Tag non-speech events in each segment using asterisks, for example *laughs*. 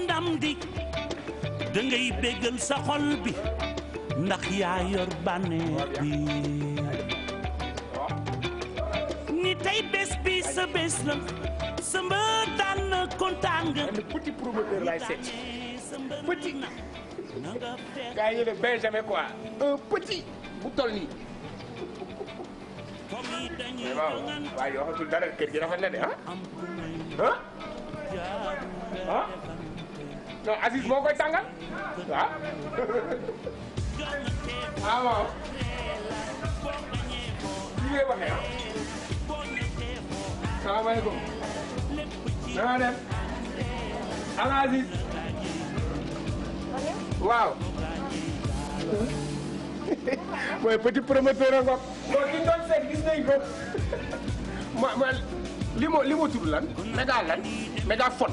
ndam di da ngay béggal sa xol bi ndax yaa yor bànneex bi ni tey bés bi sa bés la sa mbër daan na kontaan nga petit promoteur lay seet petit gaa yi ne benjamin quoi un petit bu toll nii mais waaw waaye waxatul dara kër gi rafet na de ah ah non Aziz moo koy tàngal waaw ah waaw lii ngay waxee ah. salaamaaleykum. na nga def. ana Aziz. waaw. *laughs* mooy petit promoteur a ngoog. moo ci doon seet gis nañ ko. ma ma li ma li lan. méga lan méga fon.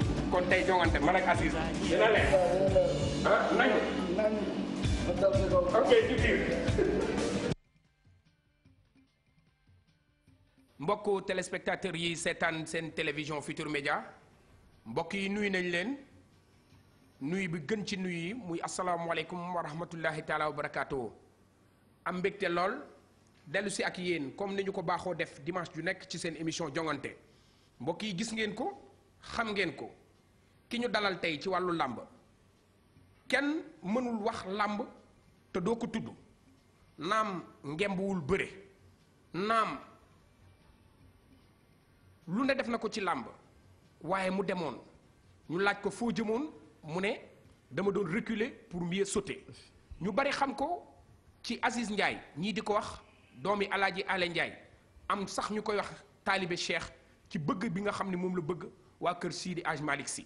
kon tey jongante man ak Assis dina leen ah, mbokk téléspectateurs yi seetaan seen télévision Futur Média mbokk yi nuyu nañ leen nuy bi gën ci nuyu yi muy asalaamualeykum wa rahmatullahi taala wa barakaatu am mbégte lool dellusi ak yéen comme ni ñu ko baaxoo def dimanche ju nekk ci seen émission jongante mbokk yi gis ngeen ko xam ngeen ko ki ñu dalal tay ci walu lamb kenn mënul wax lamb te doo ko tudd nam ngembuul beure nam lu ne def nako ci lamb waye mu demone ñu laaj ko fo jëmon mu ne dama doon reculer pour mieux sauter ñu bari xam ko ci Aziz ndjay ñi di ko wax domi Ale ndjay am sax ñukoy wax talibé Cheikh ci bëgg bi nga xamni mom la bëgg wa kër sidi di Aj Malick si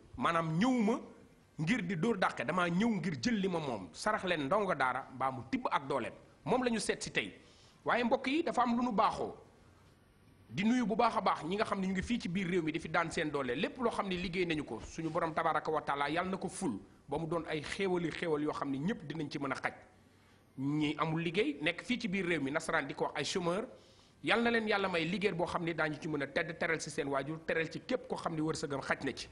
maanaam ñëwuma ngir di dóor dàqe damaa ñëw ngir jël li ma moom sarax leen ndongo daara mbaa mu tibb ak dooleem moom la ñu seet si tey waaye mbokk yi dafa am lu nu baaxoo di nuyu bu baax a baax ñi nga xam ne ñu ngi fii ci biir réew mi di fi daan seen doole lépp loo xam ne liggéey nañu ko suñu borom tabaraka wa taala yàlla na ko ful ba mu doon ay xéewali xéewal yoo xam ne ñëpp dinañ ci mën a xaj ñi amul liggéey nekk fii ci biir réew mi nasaraan di ko ay chômeur yàlla na leen yàlla may liggéey boo xam ne daañu ci mën a tedd teral si seen waajur teral ci koo xam ne wërsëgam xaj na ci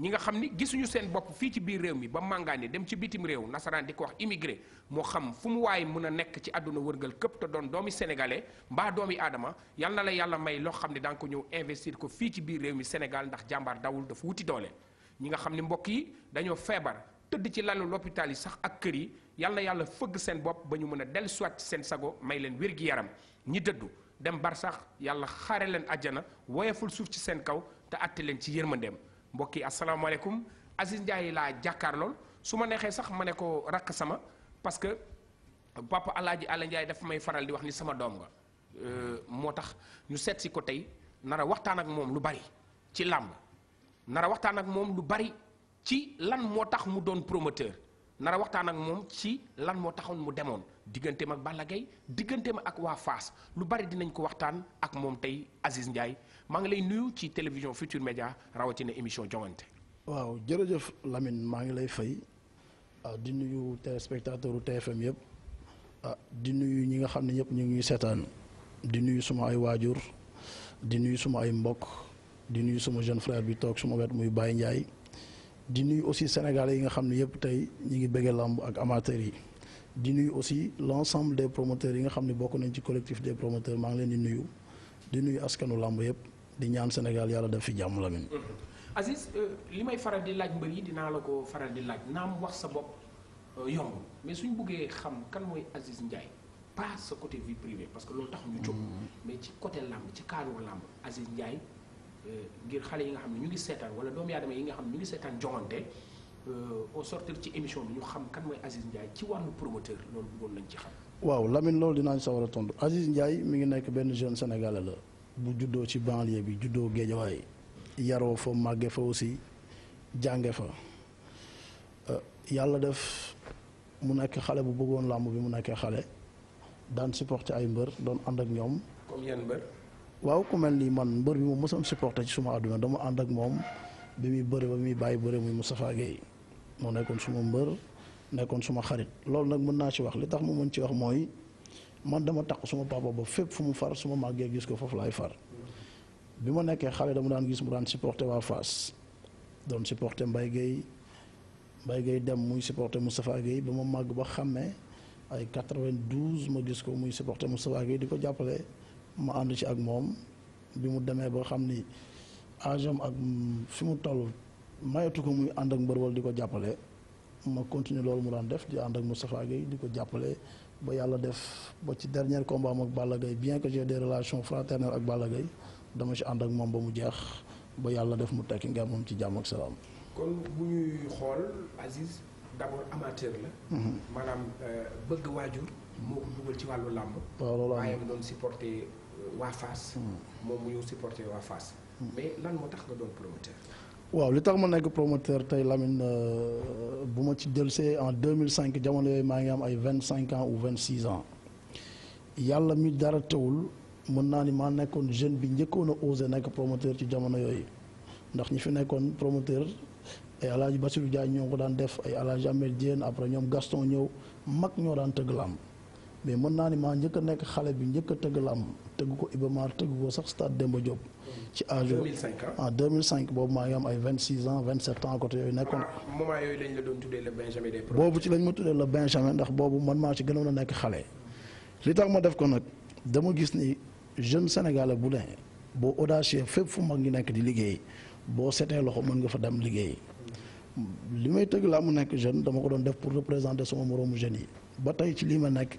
ñi nga xam ni gisuñu seen bopp fii ci biir réew mi ba màngaani dem ci bitim réew nasaraan di ko wax immigré moo xam fu mu waay mën a nekk ci àdduna wërngal këpp te doon doomi sénégalais mbaa doomi aadama yal na la yàlla may loo xam ne danga ko ñëw investir ko fii ci biir réew mi Sénégal ndax jàmbaar dawul dafa wuti doole ñi nga xam ne mbokk yi dañoo feebar tëdd ci lalu l'hôpital yi sax ak kër yi yal na yàlla fëgg seen bopp ba ñu mën a dellu soit seen sago may leen wér yaram ñi dëddu dem bar sax yàlla xaare leen àjjana woyeful suuf ci seen kaw te àtte leen ci yërmandeem mbokk yi asalaamaaleykum Aziz yi laa jàkkaar lool su ma neexee sax ma ne ko rakk sama parce que papa alaaji Alla Ndiaye daf may faral di wax ni sama doom nga euh, moo tax ñu seetsi ko tey nara waxtaan ak moom lu bari ci làmb nar waxtaan ak moom lu bari ci lan moo tax mu doon promoteur nara waxtaan ak moom ci lan moo taxoon mu demoon digganteem ak Balla diggante ma ak waa faas lu bari dinañ ko waxtaan ak moom tey Aziz Ndiaye maa ngi lay nuyu ci télévision Futur Média rawatina émission joŋante. waaw jërëjëf Lamine maa ngi lay fay ah, di nuyu u TFM yëpp ah, di nuyu ñi nga xam ne ñëpp ñu ngi seetaan di nuyu suma ay waajur di nuyu suma ay mbokk di nuyu suma jeune frère bi toog suma wet muy Baye Ndiaye di nuyu aussi sénégalais yi nga xam ne yëpp tey ñu ngi bëgg làmb ak amateurs yi. di nuyu aussi l' ensemble des promoteurs yi nga xam ne bokk nañ ci collectif des promoteurs maa ngi leen di nuyu di nuyu askanu làmb yëpp di ñaan Sénégal yàlla def fi jàmm Lamine. Aziz euh, li may faral di laaj mbër yi dinaa la ko faral di laaj naa mu wax sa bopp euh, yomb mais suñ buggee xam kan mooy Aziz Ndiaye pas sa côté vie parce que loolu tax ñu mm-hmm. ci côté làmb ci cadre làmb Aziz Ndiaye euh, ngir xale yi nga xam ñu ngi seetaan wala doomu aadama yi nga xam ne ñu ngi seetaan joŋante. au sortir ci émission bi xam kan mooy Aziz Ndiaye ci wàllu promoteur loolu bëggoon nañ ci xam. waaw Lamine loolu dinaa ñu sawar a tontu Aziz Ndiaye mi ngi nekk benn jeune sénégalais la. bu juddo ci banlieue bi juddoo way yaro fo magge fo aussi fo euh yalla def mu nek xalé bu bëggoon lamb bi mu nek xalé dan supporter ay mbeur don and ak ñom comme yeen mbeur waaw ku melni man mbeur bi mo supporter ci suma aduna dama and ak mom, bi mi bëre ba mi baye bëre muy mustafa Gueye mo nekkon suma mbeur nekkon suma xarit lool nag mën na ci wax li tax ma mën ci wax moy man dama tak suma papa ba fépp fumu far suma magge gis ko foofu lay far bima ma nekkee xale dama dan gis mu dan supporter wa Fass don supporter mbay gay mbay gay dem muy supporter Moustapha gay bama mag ba xamé ay 92 ma gis ko muy supporter Moustapha gay diko jappalé ma and ci ak mom bimu mu ba xamni ni ak fimu tollu mayatu ko muy and ak mbër wala di ma continue lolou mu def di and ak Moustapha gay diko jappalé ba yalla def bo ci dernier combat mok ak bien que j'ai des relations fraternelles ak Balla dama ci and ak mom ba mu jeex ba yalla def mu tek nga mom ci jàmm ak salam kon bu xol Aziz d'abord amateur la. manam mhm. euh, bëgg wajur moko ko ci walu lamb waaw loolu waaye supporter euh, wa face mhm. mom mu ñëw supporter wa face mhm. mais lan moo tax nga doon promoteur waaw li tax ma promoteur tay Lamine euh, ma ci dellusee en 2005 jamono yoy maa ngi am ay 25 ans ou 26 ans yalla mi dara tawul mën naa ni maa nekkoon jeune bi njëkkoon a osé nekk promoteur ci jamono yoy ndax ñi fi nekkoon promoteur ay El Hadj Bassirou Diagne ñoo daan def ay El Hadj Amel Diène après ñom Gaston ñëw mak ñoo daan tëgg làmb mais mon naa ni maa njëkk a nekk xale bi njëkk a tëgg làmb tëgg ko Iba Mar tëgg ko sax stade Demba Diop. ci âge yooyu hein? en 2005 bobu ma ngi am ay 26 ans 27 ans côté yooyu nekkoon. moment yoy lañ la doon tuddee le Benjamin des bobu ci lañ ma tuddee le Benjamin ndax bobu man ma ci gënoon a nekk xale. li tax ma def ko nak dama gis ni jeune sénégalais bu ne bo audacieux fep fu mag ngi nekk di liggéey bo setee loxo man nga fa dem liggéey. li may la mu nekk jeune dama ko doon def pour représenter sama morom jeunes yi ba tay ci li ma nekk.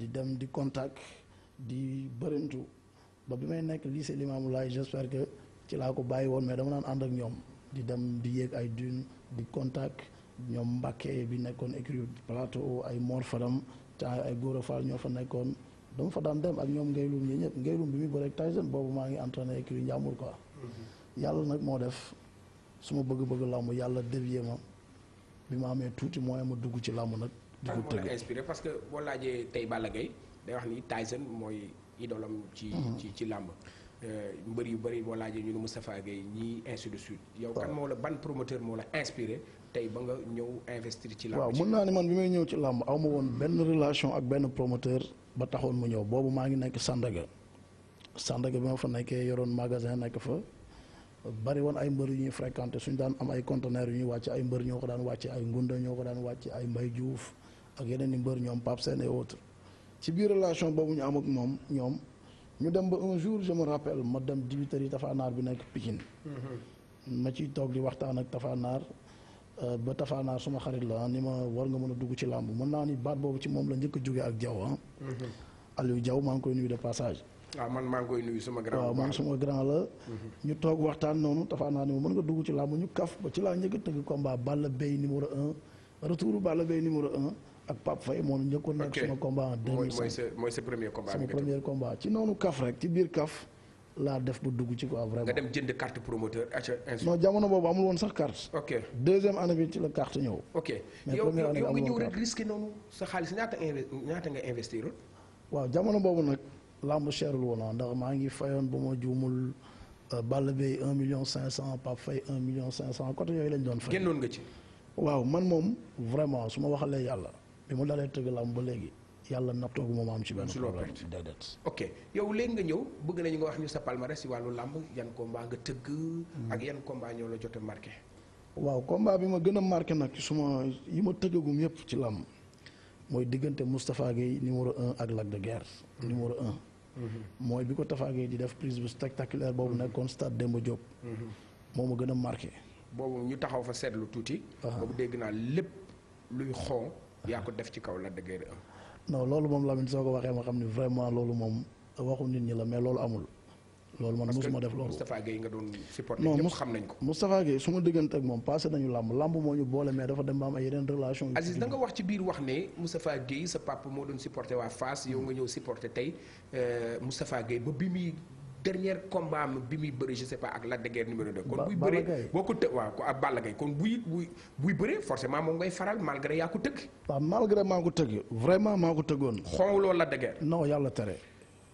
di dem di contact di bërintu ba bi may nekk lycée Limamou Laye j'espère que ci laa ko bàyyi woon mais dama daan ànd ak ñoom di dem di yéeg ay dune di contact ñoom Mbàkke bi nekkoon écrit plateau ay Mor Fadam te ay Gora Fall ñoo fa nekkoon dama fa daan dem ak ñoom ngaylum yi ñëpp ngaylum bi muy bëreeg Tyson boobu maa ngi entraîné écrit Njàmbur quoi mhm. yàlla nag moo def su ma bëgg-bëgg làmb yàlla dévié ma bi ma amee tuuti moyen ma dugg ci làmb nag di ko parce que boo laajee tey Balla Gaye day wax ni Tyson mooy idolam ci mm-hmm. ci ci làmb euh, mbër yu bëri boo laajee ñu ne Moustapha Gueye ñii ainsi suite yow kan moo la ban promoteur moo la inspiré tey ba nga ñëw investir ci làmb mun naa ne man bi may ñëw ci làmb aw woon mm-hmm. benn relation ak benn promoteur ba taxoon mu ñëw boobu maa ngi nekk Sandaga Sandaga bi ma fa nekkee yoroon magasin nekk fa bari woon ay mbër yu ñuy fréquenté suñu daan am ay conteneurs yu ñuy wàcc ay mbër ñoo ko daan wàcce ay ngunda ñoo ko daan wàcc ay mbay juuf ak yeneen i mbër ñoom Pape Sène et autres ci biir relation boobu ñu am ak moom ñoom ñu dem ba un jour je me ma dem dibiteri tafanaar bi nekk Pikine mm-hmm. ma ciy toog di waxtaan ak tafanaar euh, ba tafanaar suma xarit la ni ma war nga mën a dugg ci làmb mën naa ni baat boobu ci moom la njëkk a jóge ak Diaw ah mm-hmm. Aliou Diaw maa ngi koy nuyu de passage waaw ah, man maa ngi koy nuyu sama grand waaw man suma grand la mm-hmm. ñu toog waxtaan noonu tafanaar ni ma mën nga dugg ci làmb ñu kaf ba ci laa njëkk a tëgg combat ak Pape Faye moom njëkkoon nekk sama combat en 2005 mooy sa combat ci noonu kaf rek ci biir kaf laa def bu dugg ci quoi vraiment. nga dem jënd carte promoteur ah, non boobu amul woon sax carte. ok deuxième année bi ci la carte ñëw. ok mais première année amul woon nga ñëw waaw jamono boobu nag làmb cherul woon ah, ndax maa ngi fayoon ba ma juumul euh, Balla Beye un million cinq cent Pape million cinq cent côté yooyu lañ doon fay. génnoon nga ci. waaw man moom vraiment su ma waxalee yàlla. bi mu dalee tëgg làmb ba léegi yàlla nattoog moom am ci benn problème déedéet ok yow léegi nga ñëw bëgg nañu nga wax ñu sa palmarès si wàllu làmb yan combat nga tëgg hmm. ak yan combat ñoo la jot a marqué waaw combat bi ma gën a marqué nag ci suma yi ma tëggagum yëpp ci làmb mooy diggante Moustapha Gueye numéro un ak Lac de Guerre hmm. numéro un hmm. mooy bi ko Tafa Gueye di def prise bu spectaculaire boobu nekkoon stade Demba Diop moo ma gën a marqué boobu ñu taxaw fa seetlu tuuti ah. dégg naa lépp luy yaa ko def ci kaw Lac de Guiers 1. non loolu moom Lamine soo ko waxee ma xam ne vraiment loolu moom waxu nit ñi la mais loolu amul. loolu man mosuma def loolu Moustapha Gueye su ma diggante ak moom passé nañu làmb làmb moo ñu boole mais dafa dem am ay yeneen relation Aziz da nga wax ci biir wax ne Moustapha Gueye sa papa moo doon supporté waa Fass yow nga ñëw supporté tey euh, Moustapha Gueye ba bi muy dernier combat bi muy beure je sais pas ak la de guerre numéro 2. kon buy bëree boo ko tëgg waaw ak Balla Gaye kon buy buy buy bëree forcément mo ngay faral malgré yaa ko tëgg. waaw malgré maa ko tëgg vraiment maa ko tëggoon. xonwuloo Lac de guerre non yalla téré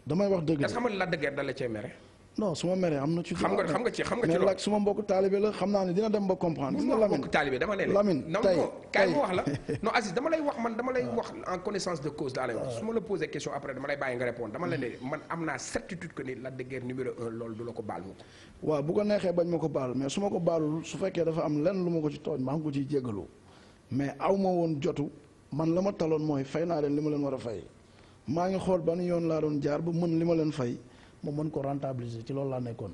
damay wax dëgg. est-ce que xam de guerre da la cee mere non suma mère amna ci. xam nga xam nga ci xam nga ci lo suma mbok talibé la xam naa ne dina dem ba comprendre. gis nga Lamine mbokku taalibe dama ne la Lamine tay kay mo wax la *laughs* non Aziz dama lay wax man dama lay wax en connaissance de cause daa lay wax su ma la question après dama lay baye nga répondre dama la ne mm. man amna certitude que ni la de guerre numéro 1 lol du lako bal baal wa bu ko nexé bañ mako bal mais suma ko baalul su fekkee dafa am lenn luma ko ci togn ma ngi ko ciy jégalu mais awma won woon jotu man lama ma moy mooy fay naa leen li ma fay maa ngi xol ban yoon la don jaar bu mën limu len fay ma mën ko rentabiliser ci loolu laa nekkoon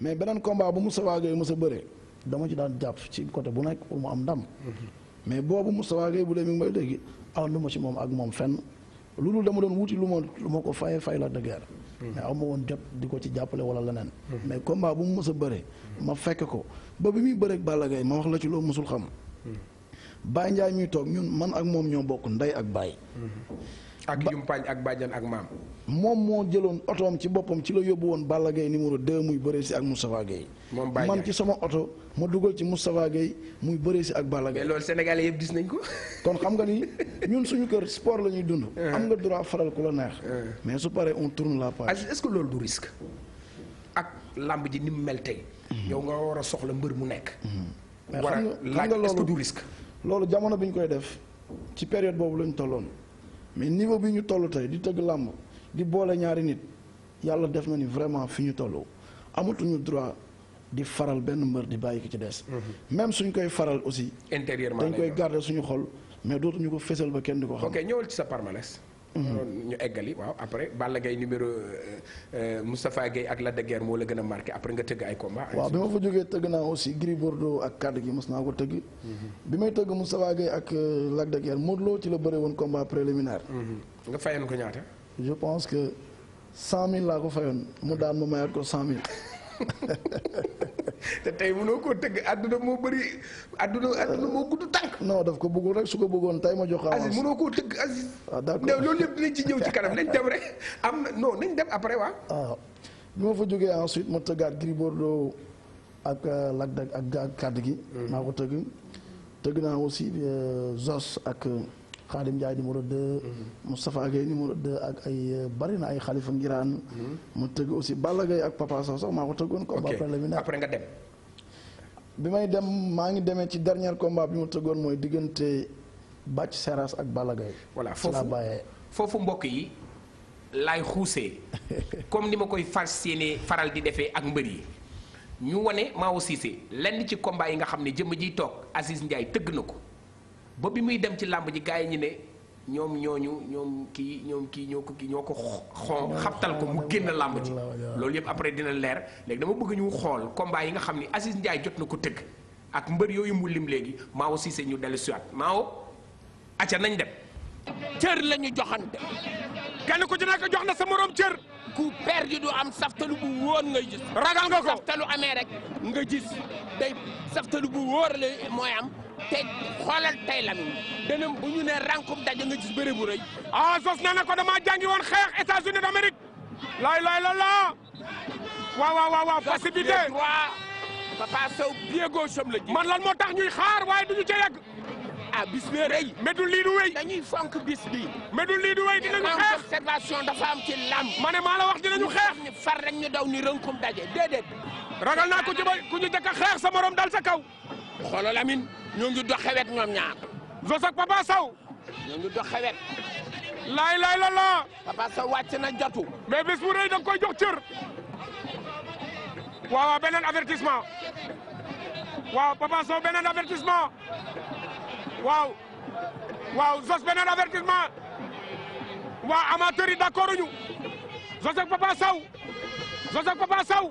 mais beneen combat bu Moustapha Gueye mës a bëree dama ci daan jàpp ci côté bu nekk pour mu am ndam mais boobu Moustapha Gueye bu dee mi ngi moom ak moom fenn loolu dama doon wuti lu ma lu ko fayee fay la de guerre mais aw ma woon jot di ko ci jàppale wala leneen mais combat bu mu mës a bëree ma fekk ko ba bi muy bëreeg Balla Gaye ma wax la ci loo musul xam Baye Ndiaye ñuy toog ñun man ak moom ñoo bokk ndey ak baay ak Yumpaañ ak Badiane ak maam. moom moo jëloon otoom ci boppam ci la yóbbu woon Balla Gaye numéro 2 muy bëree ak Moustapha Gueye. moom man ci sama oto ma dugal ci Moustapha Gueye muy bëree ak Balla Gaye. mais yëpp gis nañ ko. kon xam nga ni ñun suñu kër sport la ñuy dund. Ah. am nga droit faral ku la ah. mais su paree on tourne la page. est-ce que loolu du ak làmb ji ni mu mel tey. Mhm. yow nga war a soxla mbër mu nekk. Mhm. war a laaj est-ce que du loolu jamono bi ñu koy def ci période boobu lañu tolloon. mais niveau bi ñu toll tey di tëgg làmb di boole ñaari nit yàlla def na ni vraiment fi ñu toll amatuñu droit di faral benn mbër di bàyyi ko ci des. Mhm. même suñ koy faral aussi. intérieurement dañ koy garder suñu xol mais dootuñu ko fésal ba kenn di ko xam. ñëwal ci sa palmarès. Mm-hmm. ñu eggali waaw après Balla Gaye numéro euh, euh, Moustapha Guèye ak Lac de moo la gën a marqué après nga tëgg ay combat waaw bi ma fa jógee tëgg naa aussi Gris Bordeaux ak kaddu gi mos naa ko tëgg mm-hmm. bi may tëgg Moustapha Guèye ak euh, Lac de Guiers Modou Lo ci la bëre woon combat préliminaire mm-hmm. nga fayoon ko ñaata je pense que cent mille laa ko fayoon mu daan ma mayaat ko cent mille *laughs* te tey mënoo koo tëgg àdduna moo bëri àdduna àdduna moo gudd tànk. non daf ko bëggul rek su ko bëggoon tey ma jox avance. koo tëgg Aziz. waaw ah, d'accord yëpp dinañ ci ñëw ci kanam nañ am na non nañ dem après waa. waaw ah, bi ma fa jógee ensuite ma tëggaat Gris Bordeaux ak euh, Lac ak ak kàddu gi. Hmm. maa ko tëgg tëgg naa aussi euh, Zos ak. Khadim Ndiaye numéro 2. Mustafa Gueye numéro 2 ak ay eh, bari na ay xalifa ngiraan. Mhm. mu tëgg aussi Balla Gaye ak Papa Sow sax maa ko tëggoon. combat préliminaire après nga dem. bi may dem maa ngi demee ci dernier combat bi mu tëggoon mooy diggante Seras ak Balla Gaye. voilà foofu foofu mbokk yi laay xuusee *laughs* comme ni ma koy fas yéene faral di defee ak mbër yi. ñu wane Mao Cissé lenn ci combat yi nga xam ne jëmm jiy Aziz Ndiaye tëgg na ba bi muy dem ci làmb ji gars yi ñu ne ñoom ñooñu ñoom kii ñoom kii ñoo ko kii ñoo ko xon xabtal ko mu génn làmb ji loolu yëpp après dina leer léegi dama bëgg ñu xool combat yi nga xam ni Aziz Ndiaye jot na ko tëgg ak mbër yooyu mu lim léegi Mao Cissé ñu dellu siwaat Mao acca nañ dem cër lañu joxante kenn ku ci nekk jox na sa morom cër. ku perdu du am saftalu bu wóor ngay gis. ragal nga ko saftalu amee rek nga gis day saftalu bu wóor la mooy te xoolal tey la dana bu ñu nee rànkum daje nga gis bëre bu rëy. ah sos na ko damaa jàngi woon xeex États-Unis d'Amérique. laay laay la la waaw waaw waaw facilité. papa Sow pied gauche am la ji. man lan moo tax ñuy xaar waaye duñu ca yegg. ah bis bee rëy. medul lii du dañuy fonk bis bi. medul lii du wéy dinañu xeex observation dafa am ci lamb. ma ne wax dinañu xeex. ni far rek ñu daw ni rënkum daje déedéet. ragal naa ku ci ku ñu a xeex sa morom dal sa kaw. xoolal Lamine ñoo ngi dox xewet ñoom ñaar. Zos Papa Sow. ñoo dox xewet. laay laay la la. Papa Sow wàcc na jotu. mais bis bu rëy da nga koy jox cër. beneen avertissement. waaw Papa Sow beneen avertissement. waaw waaw Zoss beneen avertissement waa amateur yi ñu Zoss Papa Sow Zoss Papa Sow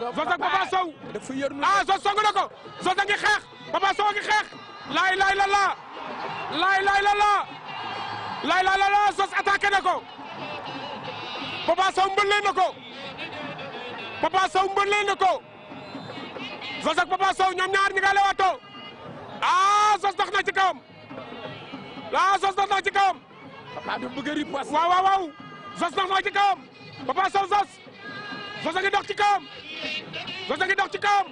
Zoss ak Papa ah, ko Zoss a ngi xeex Papa Sow a ngi xeex laay laay la laay laay la la laay laay ko Papa Sow mbëllee na ko Papa Sow mbëllee na ko Zoss Papa Sow ñoom ñaar ñi nga lewato a ah, sos dox na ci kawam ah sos dox na ci kawam. papa dafa bëgg a ripaas. waaw waaw waaw sos dox na ci kawam papa sow sos sos a ngi dox ci kawam sos a ngi dox ci kawam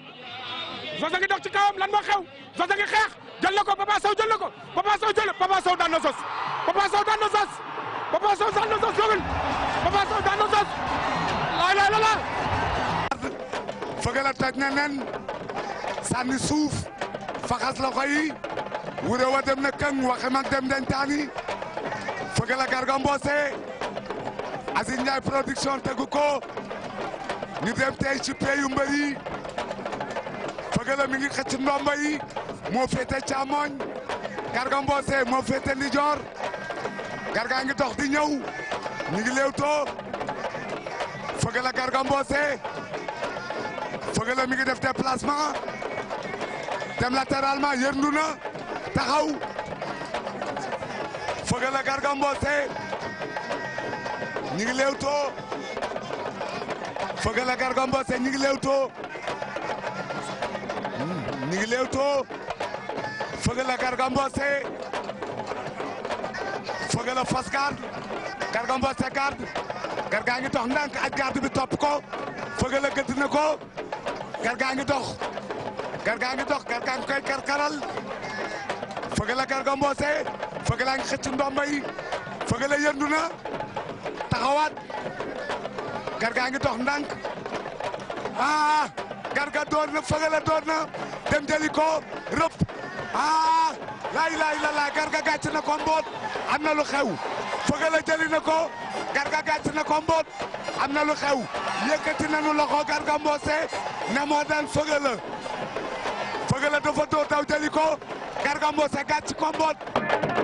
sos a ngi dox ci lan moo xew a ngi xeex jël na ko papa sow jël na ko papa sow jël papa daan na sos papa sow daan na sos papa sow daan na sos la laay. fëgal a toj na suuf. faxasla xoyi wuro wo dem na kang waxe man dem den taani fogel a garga mboose Aziz Ndiaye production tegu ko ñu ci peyu mbër yi fogel a mi ngi xëcc ndomba yi moo féete càmmoñ garga mboose moo féete ndijoor garga ngi dox di ñëw ñu ngi léewtoo fogel a garga mi ngi def déplacement dem latéralement yërndu na taxaw fëgal a Garga Mbossé ñi ngi léewtoo fëgal a Garga Mbossé ñi ngi léewtoo hmm, ñi ngi léewtoo fëgal a Garga fas garde Garga Mbossé garde Garga ngi dox ndànk aj garde bi topp ko fëgal a na ko Garga ngi dox gargaangi dox gar koy kar karal fege la Garga Mbossé fege la ngi xëcc ndomba yi fege la yëndu taxawat gargaangi dox ndank ah garga door na la door na dem jëli ko rëpp ah laa ilaaha illallaah garga gàcc na ko mbot amna lu xew fege la jëli na ko garga gàcc na ko mbot amna lu xew yëkkati nañu loxo Garga Mbossé ne dal daan Feugueleu Feugeula dafa dóor daw jëli ko Garga Mbossé gàcc ko mboot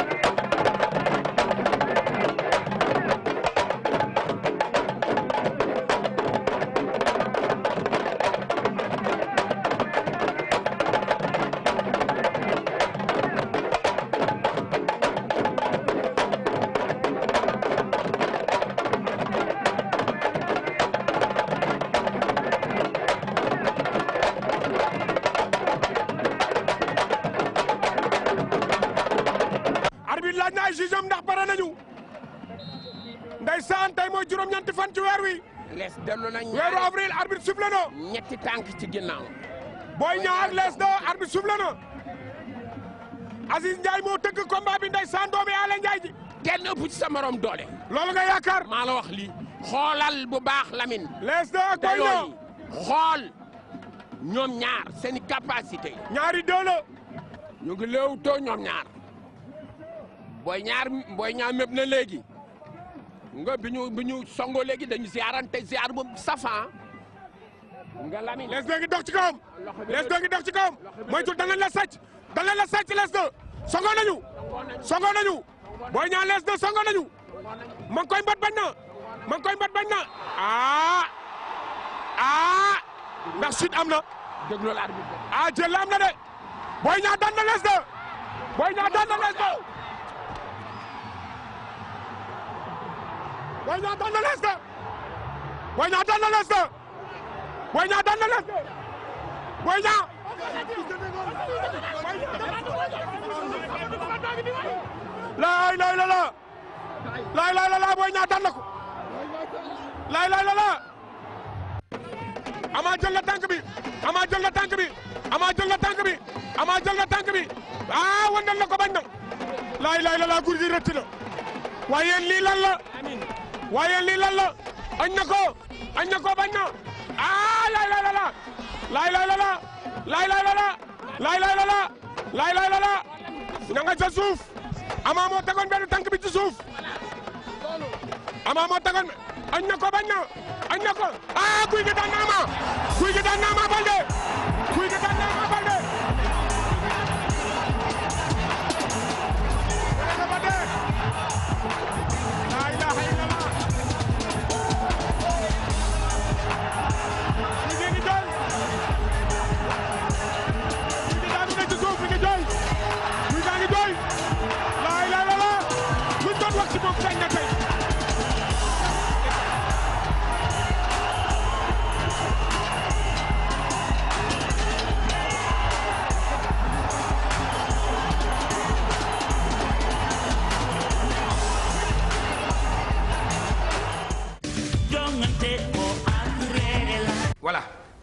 laaj na ay juge am ndax pare nañu ndeysaan tey mooy juróom-ñeenti fan ci weer wi. lees dellu ñaar weeru avril arbitre soufflé na. ñetti tànk ci ginnaaw. booy ñaar lees na arbitre soufflé na. Aziz Ndiaye moo tëgg combat bi ndeysaan doomi Aale Ndiaye ji. kenn ëpp ci sa morom doole. loolu nga yaakaar. maa la wax lii xoolal bu baax lamin lees na ak booy xool ñoom ñaar seen i capacité. ñaari doole. ñu ngi léew too ñoom ñaar. booy ñaar booy ñaar mépp na léegi nga bi ñu bi ñu songoo léegi dañu ziarante ziar bu safan ah. nga lami les deux ngi dox ci kawam les deux ngi dox ci kawam moytul danañ la sàcc danañ la sàcc les deux songoo nañu songoo nañu booy ñaar les deux songoo nañu ma ngi koy bañ na ma ngi koy bañ na ah ah ndax chute na dégloo ah, la arbitre na de booy ñaar daan na booy ñaar daan na Boy Niang daan na Less 2 Boy na Less 2 Boy na Less 2 Boy Niang laay laay la la laay laay la na ko laay laay la la jël na tànk bi Ama jël na tànk bi jël na tànk bi Ama ah, na ko bañ na laay laay la la Gouye Gui lii lan waaye lii lan la añ na ko añ na ko bañ na ah laay laay la la laay laay la la laay laay la la laay laay la la laay laay la la ña nga ca suuf ama moo tegoon benn tànk bi ci suuf ama moo tegoon añ na ko na añ na ko ah kuy gi na ama kuy gi daan na ama balde kuy gi daan na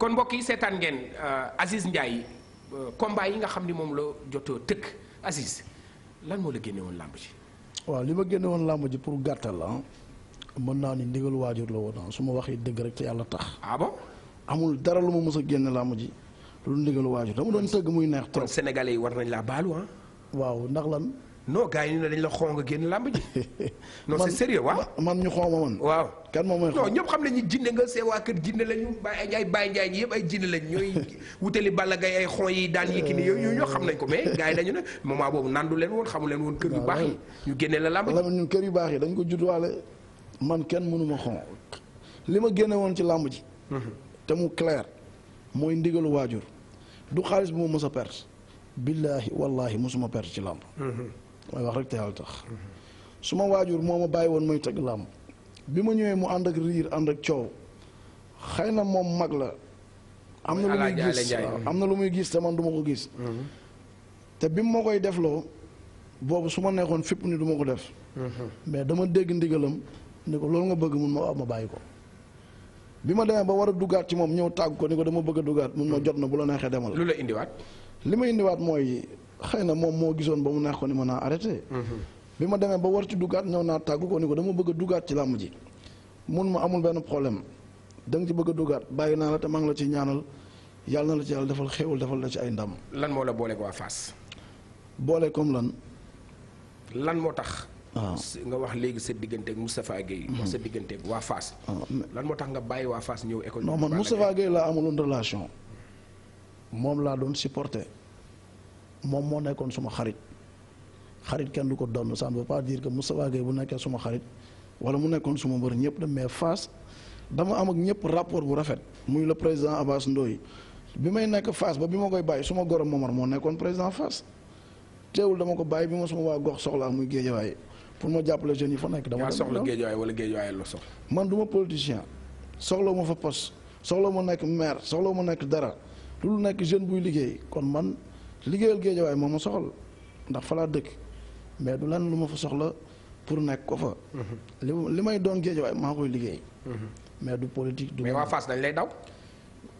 kon mbokk yi seetaan ngeen euh, Aziz Ndiaye euh, combat yi nga xam ni moom la jotoo tëkk Aziz lan moo la génne woon làmb ji. waaw li ma génne woon làmb ji pour gàttal la ah, mën naa ni ndigal waajur la woon ah, su ma waxee dëgg rek te yàlla tax. ah bon amul dara lu ma mës a génne làmb ji lu ndigal waajur dama doon tëgg muy neex trop. kon sénégalais yi war nañ laa baalu ah. waaw ndax lan. non gars yi ne dañ la xong génn làmb ji. *laughs* non c'est sérieux waaw man ñu xaw ma man. waaw kan moom mooy. non ñëpp xam nañ ni jinde nga see waa kër jinde lañu Baye ay Baye Ndiaye ñi yëpp ay jinde lañ ñooy *laughs* wutali Balla ay xon yi daan yi kii nii yooyu ñoo xam nañ ko mais gars yi dañu ne moment boobu nandu leen leen woon kër yu baax yi. ñu la làmb ji ñun kër yu baax yi dañ ko juddwaale man kenn mënu ma xong li ma génne woon ci làmb ji. Mhm. te mu clair mooy ndigalu waajur du xaalis bu ma mës a perte billaahi wallaahi mosuma perte ci làmb mhm. moy wax rek te yàlla tax suma wajur moma ma bàyyi woon muy teg làmb bi mu and ak riir and ak ciow xeyna mom mag la amna lu muy gis amna lu muy gis te man duma ko gis mhm. te bim mo koy def lo bobu suma neexon fep ni duma ko def mhm. mais dama dégg ndigalam ne ko loolu nga bëgg mu ma ma ko bi ba wara duggaat ci mom ñew tag ko ni ko dama bëgg duggaat ma mhm. jotna bu la demal lu la limay indi moy xeyna na moom gisone gisoon ba mu neex ko ni mhm. ma arrêté. hmm bima demee ba war ci dugat ñëw naa ko ni ko dama bëgg dugat ci lamb ji mun ma amul ben problème dang ci bëgg dugat bayina la té maa ngi la ci ñaanal yalla na la ci yalla defal xewul defal la ci ay ndam. lan mo la ko wa fas bolé comme lan. lan motax ah. nga wax légui sa digënté ak Moustapha Gueye hmm. wax sa digënté ak ah, lan motax nga bayyi wa fas ñew école. non man Moustapha la amul une relation. mom la doon supporter mom mo nekkon suma xarit xarit kenn duko don sa ça ne pas dire que Moustapha Gueye bu nekké suma xarit wala mu nekkon suma mbeur ñepp da mais Fass dama am ak ñepp rapport bu rafet muy le président Abbas ndoy bi may nekk Fass ba bima koy bay suma goro Momar mo nekkon président Fass teewul dama ko bayi bima suma wa gox soxla muy way pour mo jàppale jeune yi fa nekk dama soxla way wala way lo sox man duma politicien soxla mo fa poste soxla mo nekk maire soxla mo nekk dara lu nekk jeune buy liggéey kon man liggéeyal géejawaay moom ma soxal ndax fa dëkk mais du lan lu ma fa soxla pour nekk ko fa. Mhm. li li may doon géejawaay maa koy liggéey. Mhm. mais du politique du. mais waa Fass dañ lay daw.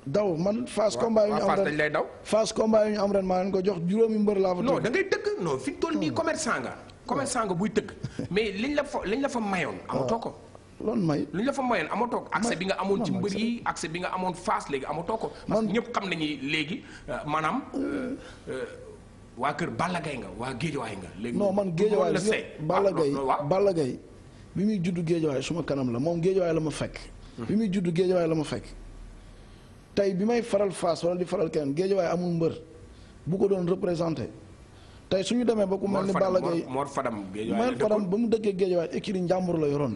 daw man Fass combat yu ñu am ren lay daw. Fass combat yu ñu am ren maa leen ko jox juróomi mbër laa fa. non da ngay dëkk non fi toll nii hmm. commerçant nga. Hmm. commerçant nga buy tëgg *laughs* mais liñ la fa liñ la fa mayoon. amatoo ko. loolu may luñ la fa mayoon amatoo ko accès bi nga amone ci mbeur yi accès bi nga amone face léegi amatoo ko parce que xam nañ léegi euh, manam euh, euh, wa keur balagay nga wa nga non man Géejawaay la balagay Balla ah, bi mi judd Géejawaay suma kanam la mom Géejawaay la ma fekk hmm. bi mi judd Géejawaay la ma fekk tay bi may faral face wala di faral kenen Géejawaay amul mbeur bu ko don représenté tay suñu démé ba ku melni gejo Mor Fadam Géejawaay Mor Fadam ba mu dëkkee la yoron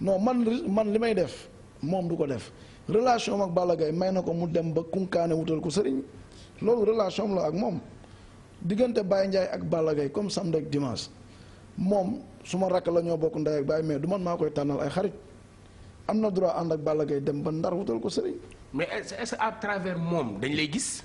non man man li may def moom du ko def relation ak Balla may na ko mu dem ba kunkaane wutal ko sëriñ loolu relation la ak moom diggante Baye Ndiaye ak Balla Gaye comme samedi ak dimanche moom su ma rakk la ñoo bokk ndey ak Baye mais du man maa koy tànnal ay xarit am na droit ànd ak Balla Gaye dem ba ndar wutal ko sëriñ. mais est-ce à travers moom dañ lay gis.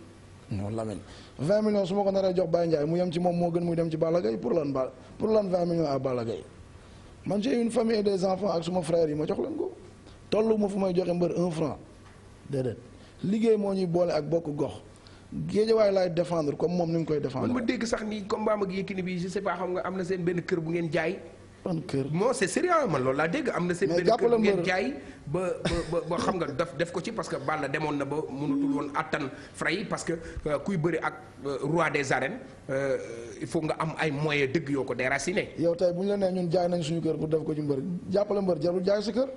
noonu la mel 20 millions su ma ko naree jox Baye Ndiaye mu yem ci moom moo gën muy dem ci Balla pour lan ba pour lan 20 millions à Balla Gaye man j'ai une famille et des enfants ak suma frères yi ma jox leen ko tollu ma fu may joxe mbër un franc déedéet liggéey moo ñuy boole ak bokk gox géejawaay laay défendre comme moom ni mu koy défendre. man ma dégg sax ni combat ak Yékini bi je sais pas xam nga am na seen benn kër bu ngeen jaay. ban kër non c' est sérieux man loolu laa dégg am na seen benn kër ngeen ba ba ba xam nga def def ko ci parce que Balla demoon na ba mënatul woon attan frais yi parce que euh, kuy bëri ak euh, roi des arènes euh, il faut nga am ay moyens dëgg yoo ko déraciner. yow tey bu ñu la nee ñun jaay nañ suñu kër pour def ko ci mbër jàppale mbër jarul jaay sa kër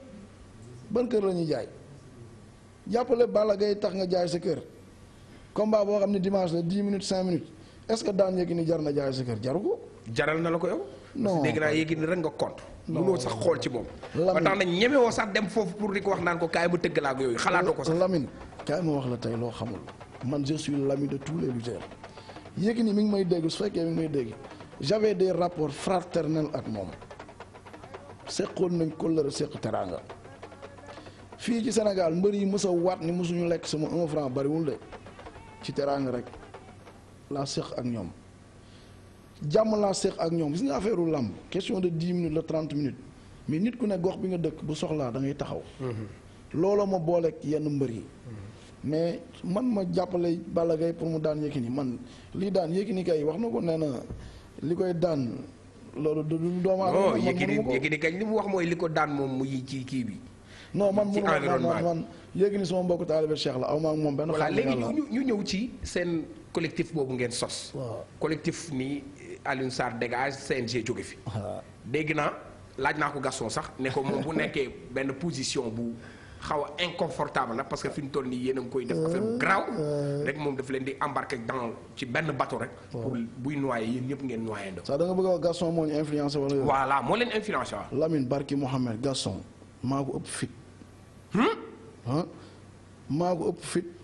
ban kër la ñuy jaay jàppale Balla Gaye tax nga jaay sa kër combat boo xam dimanche la 10 minutes 5 minutes est ce que daan yëg ni jar na jaay sa kër jaru jaral na la ko yow. non dégg naa Yékini rek nga compte. non mënoo sax xool ci moom. Lamine ba tax na ñemewoo sax dem foofu pour di ko wax naan ko kaay ma tëggal ak yooyu xalaatoo ko sax. Lamine kaay ma wax la tey loo xamul man je suis l'ami de tous les lutteurs Yékini mi ngi may dégg su fekkee mi ngi may dégg j'avais des rapports fraternels ak moom seqoon nañ kóllëre seq teraanga fii ci senegal mbër yi mës a waat ni mësuñu lekk sama un franc bariwul de ci teraanga rek laa seq ak ñoom. jàmm laa seq ak ñoom gis nga affaireu làmb question de dix minutes la trente minutes mais nit ku ne gox bi nga dëkk bu soxlaa da ngay taxaw mm-hmm. looloo ma booleeg yenn mbër yi mm-hmm. mais man ma jàppale Balla pour mu daan Yékini man lii daan Yékini kay wax na ko nee li koy daan loolu du doomu aadama Yékini Yékini kañ li mu wax mooy li ko daan moom mu yi ci kii bi non man mënu ma man Yékini sama mbokk taalibe Cheikh la aw ma ak moom benn xam léegi ñu ñëw ci seen collectif boobu ngeen sos collectif nii Alioune Sarr dégage CNG jóge fi. Ah. dégg naa laaj naa ko Gaston sax ne ko moom bu nekkee benn position bu xaw a inconfortable nag parce que fi mu toll nii yéen a ngi koy def affaire bu garaaw rek moom daf leen di embarquer dans ci benn bateau rek. pour buy noyé yéen ñëpp ngeen noyé ndox. sax da nga a wax Gaston moo ñu influencé wala. voilà moo leen influencé waaw. Lamine Barki Mouhamed Gaston maa ko ëpp fit. Hmm? maa ko ëpp fit.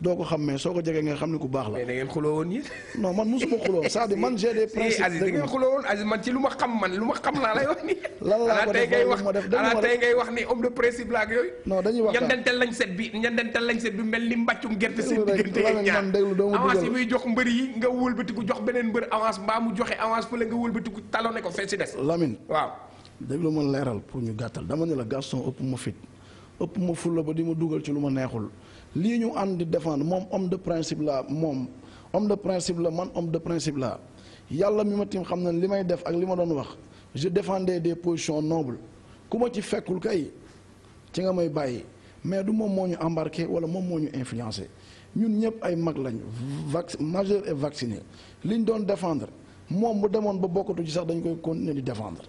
doo ko xam mais soo ko jegee nga xam ne ku baax la. mais da ngeen xuloo woon yéen. non man mosuma xuloo cest à man j'ai des *laughs* principes. Aziz xuloo woon Aziz man ci lu ma xam man lu ma xam laa lay wax nii. lan laa ko def wax ma ngay wax ni homme de principe la ak yooyu. non dañuy waxtaan bi ñandantel lañ set bi ni mbàccum gerte seen diggante ñaar avance yi muy jox mbër yi nga wëlbatiku jox beneen mbër avance mbaa mu joxe avance fële nga wëlbatiku talone ko fee si des. Lamine waaw déglu ma leeral pour ñu gàttal dama ne la Gaston ëpp ma fit ëpp ma fulla ba di ma dugal ci lu ma neexul li ñu ànd di défendre mom homme de principe la mom homme de principe la man homme de principe la yalla mi ma tim xam na li def ak lima ma doon wax je défendais des positions nobles kuma ci fekkul kay ci nga may bàyyi mais du mom moo ñu embarqué wala mom moo ñu influencé ñun ñep ay mag lañ majeur et vacciné liñ doon défendre mom bu demone ba bokkatu ci sax dañ koy continuer di défendre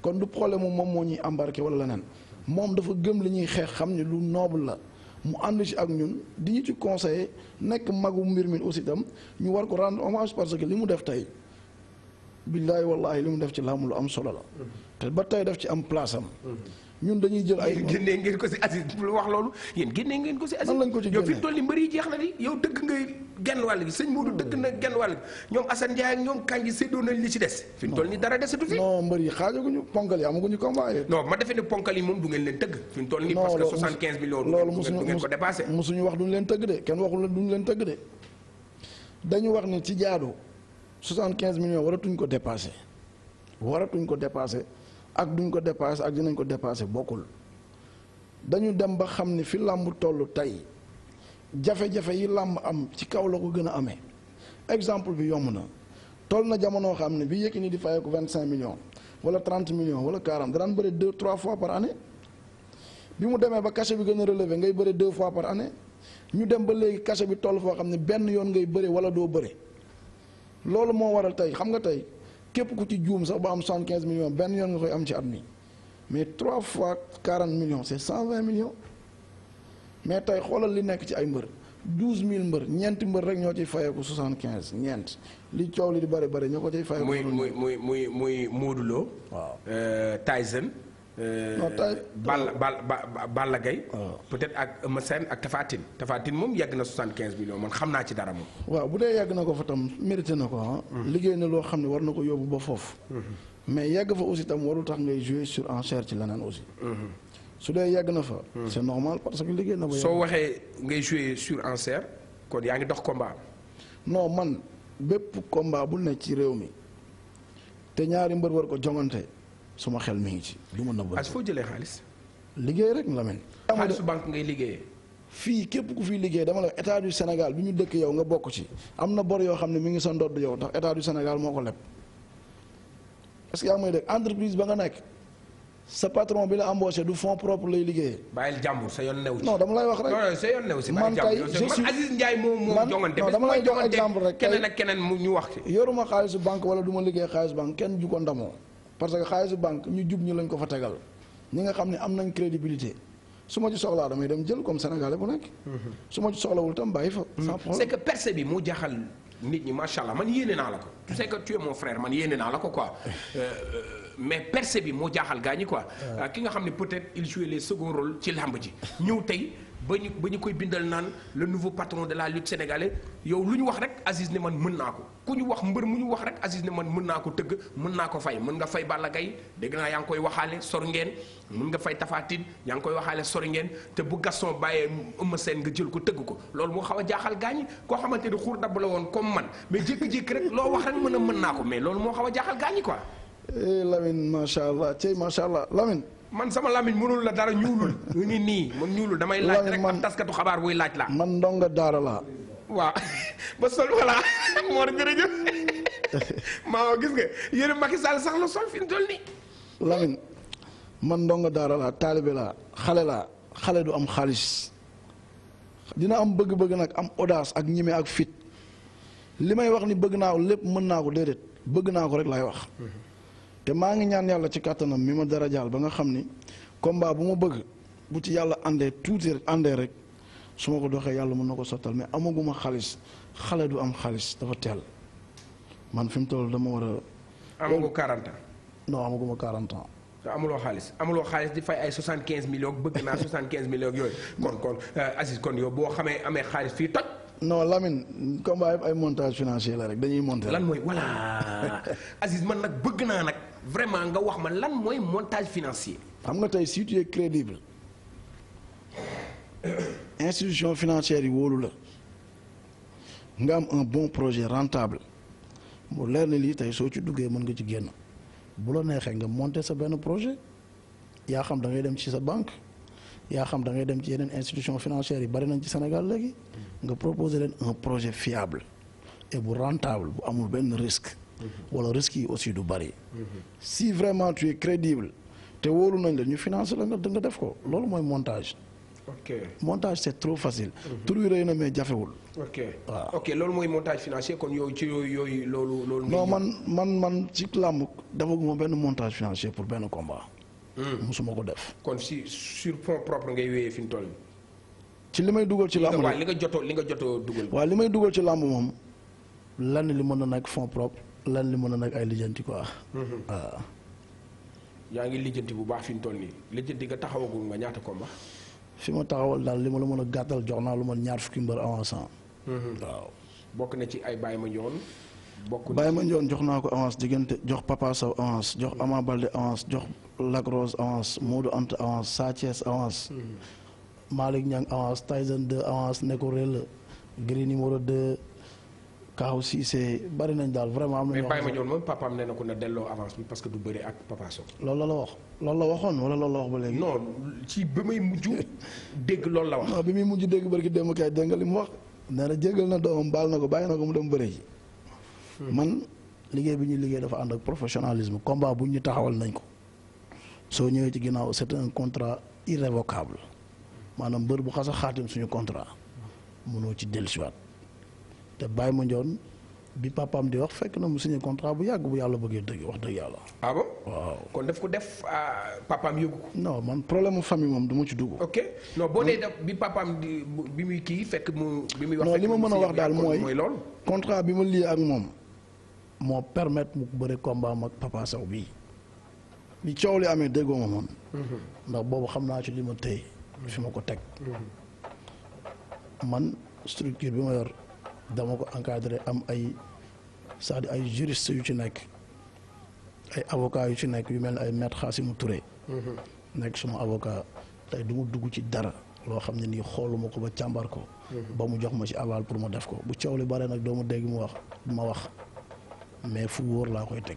kon du problème mom moo ñuy embarqué wala leneen mom dafa gëm li ñuy xeex xam lu noble la mu ànd ci ak ñun di ñu ci conseiller nekk magu mbir mi aussi itam ñu war ko rend hommage parce que li mu def tey billaay wallahi li mu def ci làmb lu am solo la mm-hmm. te ba tey def ci am place am mm-hmm. ñun dañuy jël ay. *laughs* génnee ngeen ko si Aziz lu wax loolu yéen ngeen ko si Aziz. yow fi toll yi mbër jeex na di yow dëgg ngay genn wàll gi sëñ Modou dëgg na genn wàll gi ñoom Assane Ndiaye ak ñoom Kandji séddoo nañ li ci des. fi mu toll nii dara desatu fi. non mbër yi xaajaguñu ponkal yi amaguñu moom du ngeen leen tëgg. fi mu toll nii parce que 75 millions. loolu mosuñu du ngeen ko dépassé. mosuñu wax duñu leen tëgg de kenn waxul duñu leen tëgg de dañu wax ne ci jaadu 75 millions waratuñ ko dépassé waratuñ ko dépassé ak duñ ko dépassé ak dinañ ko dépassé bokkul dañu dem ba xam ni fi làmb toll tey jafe-jafe yi làmb am ci kaw la ko gën a amee exemple bi yomb na toll na jamonoo xam ne bi nii di faye ko vingt cinq million wala trente millions wala quarante da daan bëri deux trois fois par année bi mu demee ba cachet bi gën a relevé ngay bëri deux fois par année ñu dem ba léegi cachet bi toll foo xam ne benn yoon ngay bëri wala doo bëri loolu moo waral tey xam nga tey képp ku ci juum sax ba am soixante quinze millions benn yoon nga koy am ci at mi mais trois fois quarante millions c'est cent vingt millions mais tey xoolal li nekk ci ay mbër douze mille mbër ñeenti mbër rek ñoo ciy fayeeku soixante quinze ñeent li coow li di bëri bëri ñoo ko ciy fayeeku. muy muy muy muy muy Modou Lo. waaw euh, Tyson. Euh, Balla euh, Balla Balla Gaye peut-être ak Eumeu Sène ak Tapha Tine Tapha Tine moom yàgg na 75 millions man xam naa ci dara moom. waaw bu dee yàgg na ko fa tam mérité na ko ah. Mhm. liggéey na loo xam ne war na ko yóbbu ba foofu. Mhm. mais yàgg fa aussi tam warul tax ngay jouer sur enchère ci leneen aussi. Mhm. su dee yàgg na fa. c'est normal parce que liggéey na ba. soo waxee ngay jouer sur enchère kon yaa ngi dox combat. non man bépp combat bu nekk ci réew mi te ñaari mbër war ko jongante. su ma xel mi ngi ci du ma nëbb. as foo jëlee xaalis. liggéey rek Lamine. xaalisu banque ngay liggéeyee. fii képp ku fiy liggéey dama la état du bi ñu dëkk yow nga bokk ci am na bor yoo xam ne mi ngi sa ndodd yow ndax état du Sénégal moo ko leb que yaa may ba nga nekk sa bi la embauché du fonds propre lay liggéeyee. bàyyil sa yoon new ci. non dama lay wax rek non non sa yoon new ci. man tey je suis man rek keneen ak keneen mu ñu wax ci. yoruma xaalisu banque wala du ma liggéey xaalis banque kenn ju ko ndamoo. parce que xaalisu banque ñu jub ñu lañ ko fa tegal ñi nga xam ne am nañ crédibilité su ma ci soxlaa damay dem jël comme sénégalais bu nekk. su ma ci soxlawul tam bàyyi fa. sans hmm. problème c'est que percée bi mu jaaxal nit ñi macha allah man yéene naa la ko. tu sais que tu mon frère man yéene naa la ko quoi eh. euh, euh, mais percée bi moo jaaxal gaa gaañi quoi. Euh, ki nga xam ne peut-être il jouait les second rôle ci làmb ji ñëw tey. ba ñu bindal nan le nouveau patron de la lutte sénégalaise yow luñu wax rek Aziz ne man mën nako kuñu wax mbeur muñu wax rek Aziz ne man mën nako teug tëgg mën naa fay mën nga fay Balla gay dégg na yang koy waxale sor ngeen mën nga fay Tapha yang koy waxale sor ngeen te bu Gaston baye Eumeu nga jël ko teug ko loolu mo xawa jaxal gañ ko xamanteni xour dab la won comme man mais jékki-jékki rek lo wax rek mën a mën mais loolu mo xawa jaxal jaaxal quoi quoi eh, Lamine machallah tay machallah Lamine man sama lamine munul la dara ñuulul ni ni man ñuulul damay laaj rek am taskatu xabar boy laaj la man ndonga dara la wa *laughs* ba sol voilà moor ma wa gis nga yene Macky Sall sax la sol fiñ mu lamine lamin man ndonga dara la talibé la xalé la xalé du am xaliss dina am bëgg-bëgg nak am audace ak ñime ak fit limay wax ni bëgg naa ko lépp mën naa ko bëgg naa ko rek lay wax te maa ngi ñaan yàlla ci kàttanam mi ma dara jaal ba nga xam ni combat bu ma bëgg bu ci yàlla àndee tuuti rek àndee rek su ma ko doxee yàlla mun na ko sottal mais amaguma xaalis xale du am xaalis dafa teel man fi mu toll dama war a. amagu 40 ans. non amaguma 40 ans. te amuloo xaalis amuloo xaalis di fay ay 75 millions bëgg naa 75 millions yooyu kon kon euh, Aziz kon yow boo xamee amee xaalis fii toj. non Lamine comme ay montage financier la rek dañuy monter. lan moy voilà *laughs* Aziz man nak bëgg na nak vraiment nga wax ma lan moy montage financier. xam nga tay si tu es crédible institution financière yi wóolu la nga am un bon projet rentable mu leer na lii tey soo ci duggé mën nga ci génn bu lo nexé nga monter sa ben projet ya xam da ngay dem ci sa banque yaa xam da ngay dem ci yeneen institution financières yi bari nañ ci Sénégal léegi nga proposer leen un projet fiable et bu rentable bu amul benn risque wala risque aussi du bari si vraiment tu es crédible te wóolu nañ la ñu financer la nga nga def ko loolu mooy montage ok montage c'est trop facile. Mhm. tur wi rëy na mais jafewul. ok ok loolu mooy montage financier kon yow ci yooyu yooyu loolu loolu. non man man man ci làmb defaguma benn montage financier pour benn combat. Hmm. musuma ko def kon si sur fond propre ngay wéyee fi toll ci li may dugal ci làmb waaw li nga jotoo li nga jotoo dugal waaw li may dugal ci làmb moom lan li mën a nekk fond propre lan li mën a nekk ay lijjanti quoi waaw hmm. ah. yaa ngi lijjanti bu baax fi mu toll nii lijjanti nga taxawagul nga ñaata combat fi ma taxawal daal li ma la mën a gàttal lu ma ñaar fukki mbër avancement hmm. waaw bokk na ci ay Baye Mandione bokk na Baye Mandione ko avance diggante jox Papa Sow avance jox Ama Baldé avance jox Lac Rose avance Modou Anta avance Sa Thiès avance. Hmm. Malick Niang avance Tyson 2 avance Neko Rell Gris numéro 2 Kaaw Cissé bari nañ daal vraiment. am na ñoo xam ne mais bàyyi ma ñëw moom papaam nee na ko na delloo avance bi parce que du bëri ak Papa Sow. loolu la la wax lool la waxoon wala loolu la wax ba léegi. non ci bi may mujj dégg loolu la wax. bi muy mujj dégg barki démb kay dégg nga li mu wax. nee na jégal na doomam baal na ko bàyyi na ko mu dem bëre ji. Hmm. man liggéey bi ñuy liggéey dafa ànd ak professionnalisme bu ñu taxawal nañ ko. soo ñëwee ci ginnaaw c'est un contrat irrévocable maanaam mbër bu xas a xaatim suñu contrat mënoo ci dellusiwaat te ma Mandione bi papaam di wax fekk na mu signé contrat bu yàgg bu yàlla bëggee dëgg wax dëgg yàlla. ah waaw kon def ko def ah, papaam yëgu ko. non man problème mu famille moom du ci dugg. ok non bi papaam di bi muy kii fekk mu. bi muy wax li ma mën a wax daal mooy contrat bi ma lii ak moom moo permettre mu bëri combat am ak papa Sow bii. ni coow li amee déggoo ma man mhm. ndax boobu xam naa ci li ma tey mhm. fi ma ko teg mhm. man structure bi ma yor dama ko encadre am ay cest à ay juriste yu ci nekk ay avocat yu ci nekk yu mel ni ay maître mu ture nekk suma avocat tey du ma dugg ci dara loo xam ne nii xooluma ko ba càmbar ko ba mu jox ma ci aval pour ma def ko bu coow li bare nag doo ma dégg mu wax ma wax mais fu wóor laa koy teg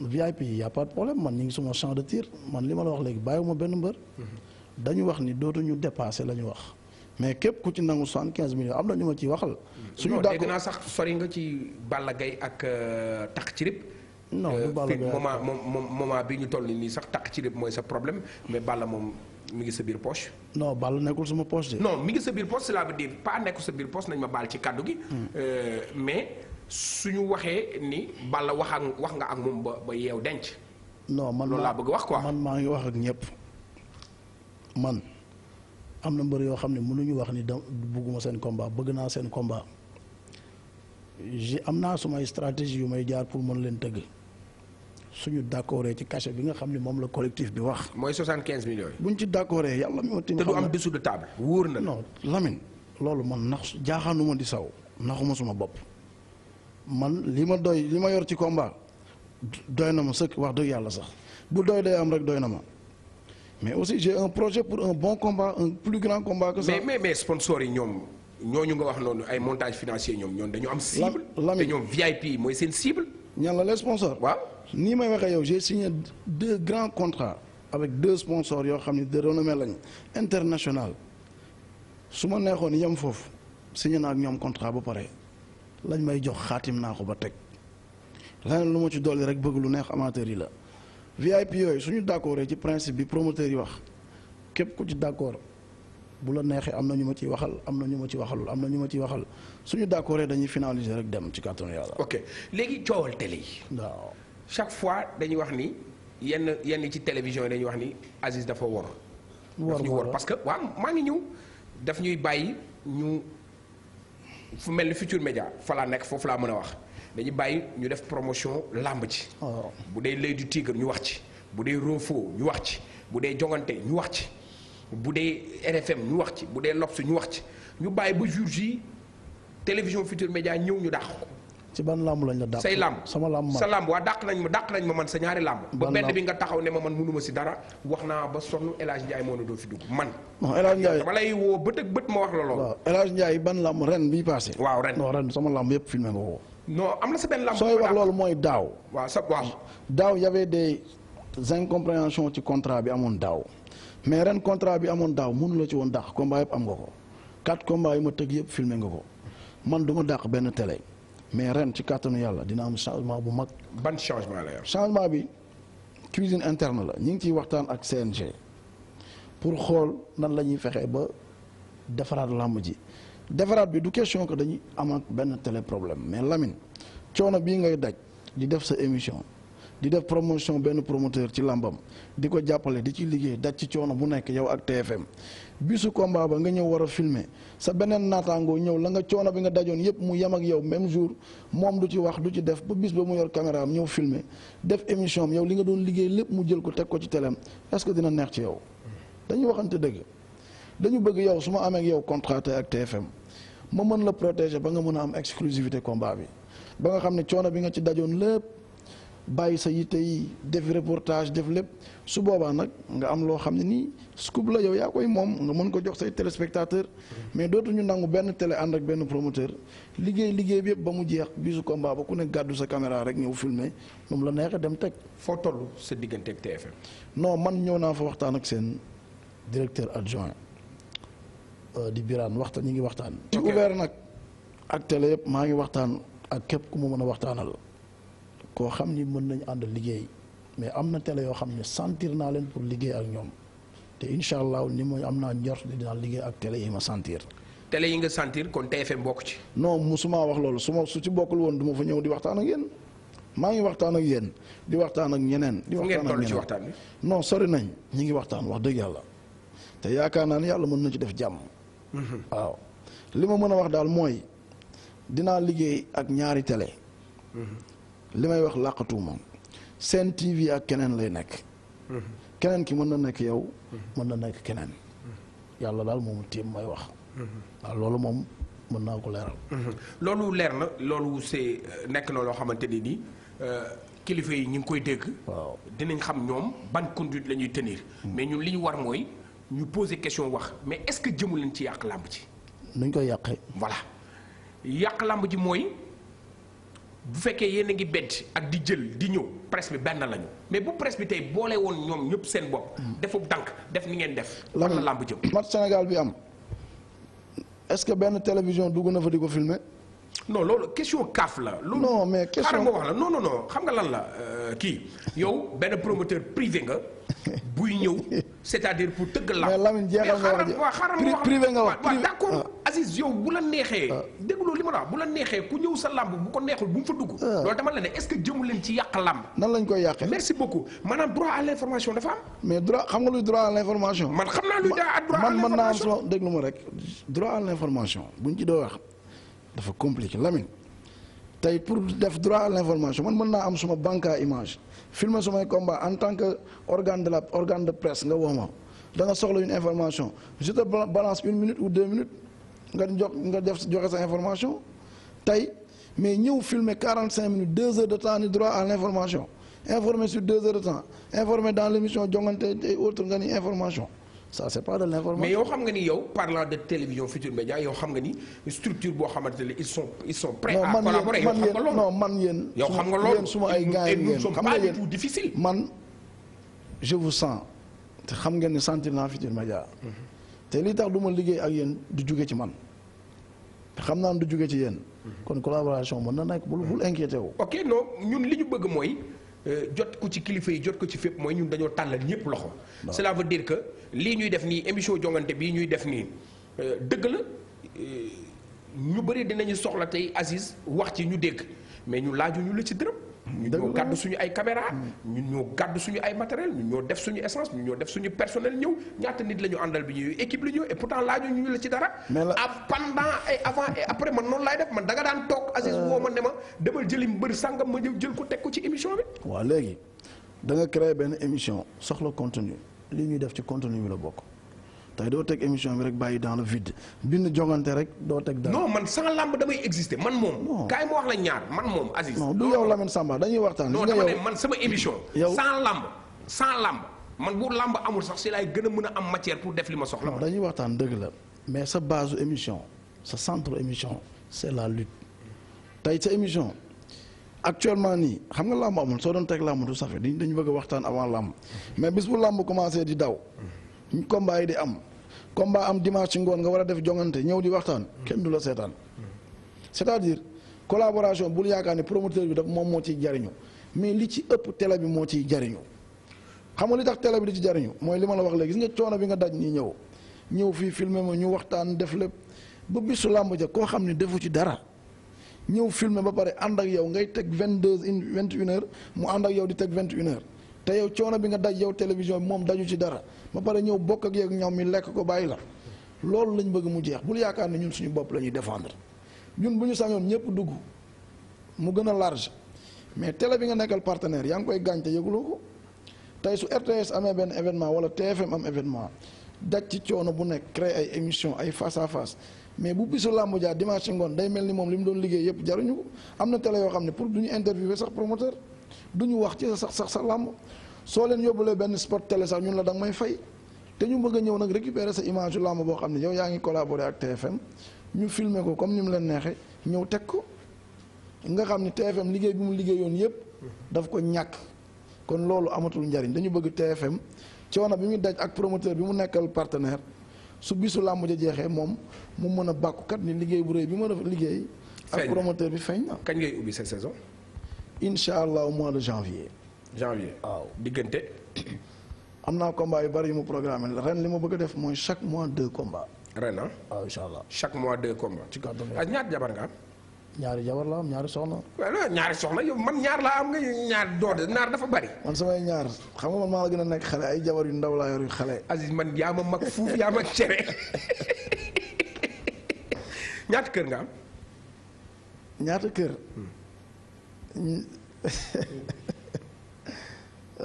VIP yi y' problème man ñu ngi suma champ de tir man li ma la wax léegi bàyyiwuma benn mbër. Mhm. dañu wax ni dootuñu dépassé la ñu wax. mais képp ku ci nangu soixante quinze millions am na ñu ma ciy waxal. Mhm. suñu dàq dégg naa sax sori nga ci Balla gay ak euh, tax ci rib. non du euh, Balla Gaye moment moom moment bi ñu toll nii sax tax ci rib mooy sa problème mais Balla moom mi ngi sa biir poche. non Balla nekkul sama poche de. non mi ngi sa biir poche laa veut dire pas nekkul sa biir poche nañ ma baal ci kàddu gi. Hmm. Euh, mais. suñu waxé ni Balla wax ak wax nga ak mom ba yew denc. non man la bëgg wax quoi man ma ngi wax ak ñëpp man am mbeur yo xamni xam ne mënuñu wax ni bëgguma bugguma seen combat bëgg na seen combat j'ai amna suma stratégie yu may jaar pour mën leen tëgg suñu d'accordé ci cachet bi nga xamni mom moom la collectif bi wax. moy 75 millions buñ ci d'accordé yalla mo mi te du am dessous de table. wóor na non Lamine. lolu man nax jaaxanu mo di saw naxuma suma bop man lima doy lima yor ci combat doy na ma sëkk wax dëgg yàlla sax bu doy day am rek na ma mais aussi j'ai un projet pour un bon combat un plus grand combat que ça. mais mais mais sponsors yi ñoom ñooñu nga wax noonu ay montage financier ñoom ñoom dañu am. cible te ñoom VIP c'est une cible. ñan la les sponsors. Ni nii may waxee yow j'ai signé deux grands contrats avec deux sponsors yo xamni de renommée lañ international suma ma neexoon fofu signé nak ñom contrat ba pare lañ may jox khatim naa ko ba tek leneen lu ma ci dolli rek bëgg lu neex amateur yi la VIP yoy suñu d'accordé ci principe bi promoteur yi wax kep ku ci d'accord bu la neexee amna na ñu ma ciy waxal amna na ñu ma ci waxal amna na ñu ma ciy waxal suñu d'accordé dañuy finaliser rek dem ci kàttanu yàlla. ok légui coowal télé yi. waaw chaque fois dañuy wax ni yenn yenn ci télévision dañuy wax ni Aziz dafa wor. wor wor parce que waaw ma ngi ñu daf ñuy bayyi ñu fu mel ni Futurs Médias fa laa nekk foofu laa mën a wax dañu ñu def promotion làmb ci oh. bu dee l'Oeil du Tigre ñu wax ci bu dee Rofo ñu wax ci bu dee jongante ñu wax ci bu dee RFM ñu wax ci bu dee L'Obs ñu wax ci ñu bàyyi ba jour télévision futur Médias ñëw ñu dàq ci ban lamb lañ la dàq say lamb sama lamb sa lamb wa dàq nañ ma dàq nañ ma man sa ñaari lamb ba bedd bi nga taxaw ne ma man munuma ci dara waxna ba sonu El ndjay mo moo fi dug man non El ndjay Ndiaye dama lay wo beut ak ma wax la loolu waaw El ban lamb ren bi passé waaw ren non ren sama lamb yep filmé nga ko non amna sa ben lamb soy wax lool moy daw wa sa waaw daw y des incompréhensions ci contrat bi amone daw mais ren contrat bi amone daw munu la ci won dàq combat yep am nga ko quatre combat yi ma tëgg yep filmé nga ko man duma ma ben télé mais ren ci kàttanu yàlla dina am changement bu mag. ban changement la yor. changement bi cuisine interne la ñu ngi ciy waxtaan ak CNG pour xool nan la ñuy fexee ba defaraat làmb ji defaraat bi du question que dañuy amaat benn télé problème mais lamin coono bi ngay daj di def sa émission. di def promotion benn promoteur ci làmbam di ko jàppale di ci liggéey daj ci coono bu nekk yow ak TFM bisu combat ba nga ñëw war a filmer sa beneen naataangoo ñëw la nga coono bi nga dajoon yëpp mu yem ak yow même jour moom du ci wax du ci def ba bis ba mu yor caméra am ñëw filmer def émission am yow li nga doon liggéey lépp mu jël ko teg ko ci teleem est-ce que dina neex ci yow. dañu waxante dëgg dañu bëgg yow su ma amee ak yow contrat ak TFM ma mën la protéger ba nga mën a am exclusivité comba bi ba nga xam ne coono bi nga ci dajoon lépp bàyyi sa yitte yi def reportage lépp. su boobaa nag nga am loo xam ne nii scoop la yow yaa koy moom nga mën ko jox say téléspectateur mais dootuñu nangu benn télé ànd ak benn promoteur liggéey liggéey bi yëpp ba mu jeex bisu combat ba ku ne gàddu sa caméra rek ñëw filmer moom la neexee dem teg. foo toll sa diggante ak TFM. non man ñëw naa fa waxtaan ak seen directeur adjoint euh, di Birane waxtaan ñu ngi waxtaan. ci ouvert nag ak télé yëpp maa ngi waxtaan ak képp ku mu mën a waxtaanal koo xam ni mën nañu ànd liggéey. mais am na télé yoo xam ne sentir naa leen pour liggéey ak ñoom te incha allah ni mooy am naa njor dinaa liggéey ak télé yi ma sentir. tele yi nga sentir kon TFM bokk ci. non musuma wax loolu su ma su ci bokkul woon du ma fa ñëw di waxtaan ak yéen maa ngi waxtaan ak yéen di waxtaan ak ñeneen. di waxtaan ak ñeneen non sori nañ ñi ngi waxtaan wax dëgg yàlla te yaakaar naa ne yàlla mën na ci def jàmm. Mhm. waaw li ma mën a wax daal mooy dinaa liggéey ak ñaari télé. Mhm. may wax làqatuuma seen TV ak kenen lay nekk. Mhm. keneen ki mën na nekk yow. Mhm. mën na nekk keneen. Mhm. yàlla daal moomu tiim may wax. lolu mom mën naa ko leeral. loolu leer na loolu c'est euh, nek na loo ni euh kilifa yi ñu ngi koy dégg. dinañ xam ñom ban conduite lañuy tenir. Hmm. mais ñun li war moy ñu poser question wax mais est-ce que jëmul leen ci yàq lamb ci. nuñ koy yàqee. voilà yàq lamb ji moy bu fekkee yéen a ngi bedd ak di jël di ñëw presque bi benn lañu mais bu presse bi tey boole woon ñoom ñëpp seen bopp. defub dànk def ni ngeen def. lan la làmb jëm. match Sénégal bi am est que benn télévision dugg na fa di ko filmer. non loolu question CAF la. non mais question xaaral ma wax la non non non xam nga lan la euh, kii yow benn promoteur privé nga *laughs* buy ñëw c'est-à-dire pour tëgg la. mais Lamine jeexal nga wax ji privé nga wax waaw d'accord ah. Aziz la neexee. Ah. dégguloo li ma la wax bu neexee ku ñëw sa làmb bu ko neexul bu mu dugg. Ah. loolu dama la ne est-ce que yàq làmb. nan lañ koy yàqee merci beaucoup maanaam droit à l'information dafa am. mais droit xam nga luy droit à l'information. man xam naa luy droit à l'information man mën naa am sama déglu ma rek droit à l'information buñ ci doo wax. dafa compliqué Lamine tay pour def droit à l'information man meuna am suma banque à image filmer sumay combat en tant que organe de la organe de presse nga woma da nga soxla une information je te balance une minute ou deux minutes nga jox nga def joxe sa information mais nous, filmer 45 minutes 2 heures de temps ni droit à l'information informer sur 2 heures de temps informer dans l'émission jongante et autres nga ni information ça c'est pas de l'information. mais vous savez parlant de télévision future Média vous xam nga ni structure la ils sont prêts à collaborer non man vous savez, xam nga vous je vous sens te xam sentir Futur Média te tax vous du ci man du ci mhm. kon collaboration mën na vous bul vous inquiétez pas non Euh, jot ko ci kilifa yi jot ko ci fépp mooy ñun dañoo tàllal ñëpp loxo. cela veut dire que lii ñuy def nii émission jongante bii ñuy def nii euh, dëgg la euh, ñu bëri dinañu soxla tey Aziz wax ci ñu dégg mais ñu laaju ñu la ci dërëm. ñu ñoo gàddu suñu ay caméra ñun ñoo gàddu suñu ay matériel ñu ñoo def suñu essence ñu ñoo def suñu personnel ñëw ñaata nit la ñu àndal bi ñuy équipe la ñëw et pourtant laaju ñu la ci dara a ah, pendant et avant et après man noonu laay def man danga nga daan toog Aziz euh. woo ma ne ma demal jëli mbër sàngam ma jël ko teg ko ci émission bi waa léegi danga nga créé benn émission soxla contenu li ñuy def ci continue bi la bokk tey doo teg émission bi rek bàyyi dans le vide bind jongante rek doo teg dara. non man sans lamb damay exister man moom. kaay ma wax la ñaar man moom Aziz. non du yow Lamine Samba dañuy waxtaan. non man sama émission. yow lamb sans lamb man bu lamb amul sax si laay gën a mën a am matière pour def li ma soxla. dañuy waxtaan dëgg la mais sa base émission sa centre émission c'est la lutte tey sa émission. actuellement nii xam nga làmb amul soo doon teg làmb du safe dañu bëgg waxtaan avant làmb mais bis bu làmb commencé di daw combat yi di am combat am dimanche ngone nga wara def jongante ñew di kenn c'est-à-dire collaboration bul yaakaar promoteur bi mais li ci ëpp télé bi mo ci jariñu xam nga li tax télé bi ci jariñu moy li la wax gis nga bi nga daj ñi ñew filmer mo ñu waxtan def bu bisu ja defu ci dara ñew filmer ba yow ngay tek 22 mu yow di tek 21h yow bi nga daj yow télévision ci dara ba pare ñëw bokk ak yeeg ñoom mi lekk ko bàyyi la loolu lañ bëgg mu jeex bul yaakaar ne ñun suñu bopp la ñuy défendre ñun bu ñu sañoon ñëpp dugg mu gën a large mais tele bi nga nekkal partenaire yaa ngi koy gaañ te yëguloo ko tey su RTS amee benn événement wala TFM am événement daj ci coono bu nekk créer ay émission ay face à face mais bu bisu làmb jaa dimanche ngoon day mel ni moom li mu doon liggéey yëpp jaruñu ko am na télé yoo xam ne pour du ñu interviewer sax promoteur du ñu wax ci sax sax sa làmb soo leen yóbbulee benn sport télé sax ñun la da may fay te ñu bëgg a ñëw nag récupérer sa image yu làmb boo xam ne yow yaa ngi collaborer ak TFM ñu filmer ko comme ni mu leen neexee ñëw teg ko nga xam ni TFM liggéey bi mu liggéeyoon yëpp daf ko ñàkk kon loolu amatul njariñ dañu bëgg TFM coono bi muy daj ak promoteur bi mu nekkal partenaire su bisu làmb ja jeexee moom mu mën a bàkkukat ni liggéey bu rëy bi ma liggéey ak promoteur bi feeñ na kañ ngay ubbi sa saison incha allah mois de janvier janvier. waaw diggante. *coughs* am naa combat yu bari yu mu programme ren li ma bëgg a def mooy chaque mois deux combats. ren ah. waaw ah, incha allah chaque mois de combats. ci kàddu ak ah, ñaar jabar nga am. ñaari jabar la am ñaari soxna. waaw ñaari soxla yow man ñaar laa am nga ñaar doode ñaar dafa bari. man samay ñaar xam nga man maa la gën a nekk xale ay jabar yu ndaw laa yor yu xale. Aziz man yaa ma mag fuuf yaa ma cere *laughs* ñaata kër nga am. ñaata kër. Hmm. *laughs*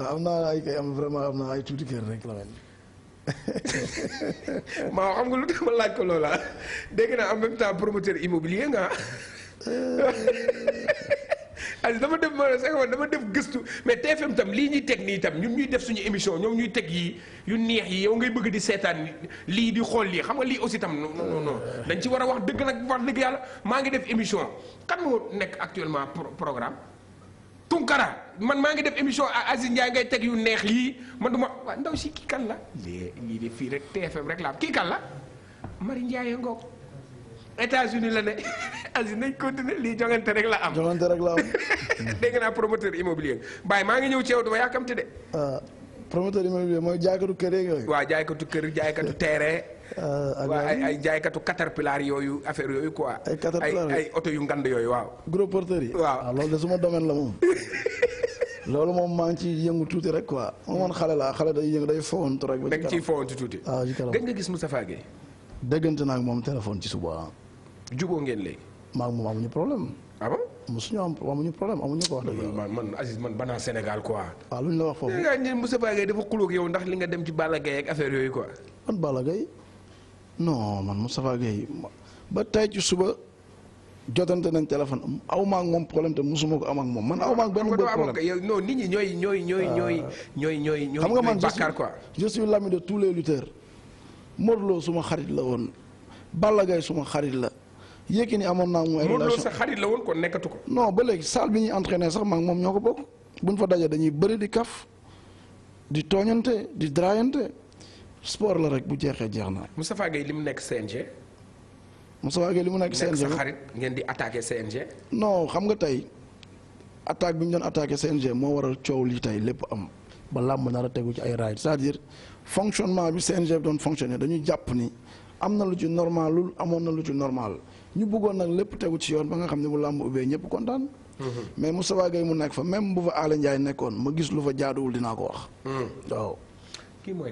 am naa ay kay am vraiment am naa ay tuuti kër rek la mel. maa xam nga lu tax ma laaj ko loola dégg naa en même temps promoteur immobilier nga *laughs* Aziz dama def ma sax dama def gëstu mais TFM tam lii ñuy teg nii tam ñun ñuy def suñu émission ñoom ñuy teg yi yu neex yi yow ngay bëgg di seetaan lii di xool lii xam nga lii aussi tam non non non dañ ci war a wax dëgg nag wax dëgg yàlla maa ngi def émission kan moo nekk actuellement programme Tunkara man maa ngi def émission Aziz Ndiaye ngay teg yu neex yii man duma waa ndaw si kii kan la lée lii de fii rek TFM rek la am kii kan la Marie Ndiaye ngoog États-Unis la ne *laughs* Aziz nañ continuer lii jongante rek la am jongante rek la am *laughs* dégg naa promoteur immobilier Baye maa ngi ñëw ci yow duma yàkkamti de ah, promoteur immobilier mooy jaaykatu kër yooyu waa jaaykatu kër jaaykatu terrain Euh, ak ay ay jaaykatu caterpillar yooyu affaire yooyu quoi. ay caterpillar ay ay oto yu ngand yooyu waaw. gros porteurs yi. waaw ah, loolu de suma domaine la moom. *laughs* loolu moom maa ngi ciy yëngu tuuti rek quoi. moom man xale laa xale day yëngu day fowantu rek. ba ci kanam da nga ciy fowantu tuuti. waaw ah, ci kanam gëj nga gis Moustapha Gueye. naa ak moom téléphone ci suba. juboo ngeen léegi. maa ngi moom amuñu problème. ah bon mosuñu am amuñu problème amuñu ko wax dëgg man man Aziz man banaa Sénégal quoi. waaw ah, lu ñu la wax foofu. da ñu Moustapha Gueye dafa xulóog yow ndax li nga dem ci Balla Gaye ak affaire yooyu quoi. man Balla Gaye non man mu Moustapha Gueye ba tey ci suba jotante nañ téléphone aw ma ak moom problème te musuma ko am moom man aw ma ak benn ah, bët problème nit ñi ñooy ñooy ñooy ah. ñooy ñooy ñooy ñooy xam nga man bàkkaar quoi je suis l'ami de tous les lutteurs Modou Lo suma xarit la woon Balla Gaye suma xarit la Yékini amoon naa moom ay sa xarit la woon kon nekkatu ko non ba léegi salle bi ñuy entraîné sax maak moom ñoo ko bokk buñ fa dajee dañuy bëri di kaf di tooñante di draayante sport la rek bu jeexee jeex na. Moustapha Gueye li mu nekk CNG. Moustapha Gueye li mu nekk CNG ngeen di attaqué CNG. non xam nga tey attaque bi ñu doon attaqué CNG moo waral coow li tey lépp am ba làmb nar a tegu ci ay raay cest à bi CNG bi doon fonctionné dañuy jàpp ni am na lu ci normal lul amoon na lu ci normal ñu bëggoon nag lépp tegu ci yoon ba nga xam ne bu làmb ubbee ñëpp kontaan. Mhm. mais Moustapha Gueye mu nekk fa même bu fa Aly Ndiaye nekkoon ma gis lu fa jaaduwul dinaa ko wax. Mhm. kii mooy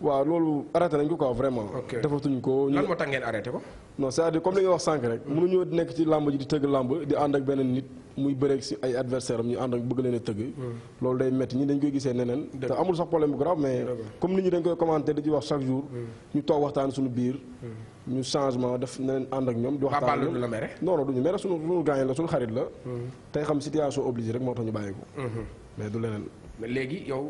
waaw loolu arrêté nañ ko quoi vraiment. ok ko. lan moo tax ngeen arrêté ko. non c'est-à-dire comme li nga wax sànq rek. mënuñoo nekk ci làmb ji di tëgg làmb di ànd ak beneen nit muy bëreeg si ay adversaire am ñu ànd ak bëgg leen a tëgg. Hmm. loolu day metti ñi dañ koy gisee neneen. te amul sax problème bu grave mais. comme nit ñi dañ koy commenté di ci wax chaque jour. Hmm. ñu toog waxtaan suñu biir. Hmm. ñu changement def neneen ànd ak ñoom. di waxtaan ak ñoom la mere. ñu mere suñu suñu gaañ la suñu xarit la. tey xam situation rek moo tax ñu bàyyi ko. mais du leneen. léegi yow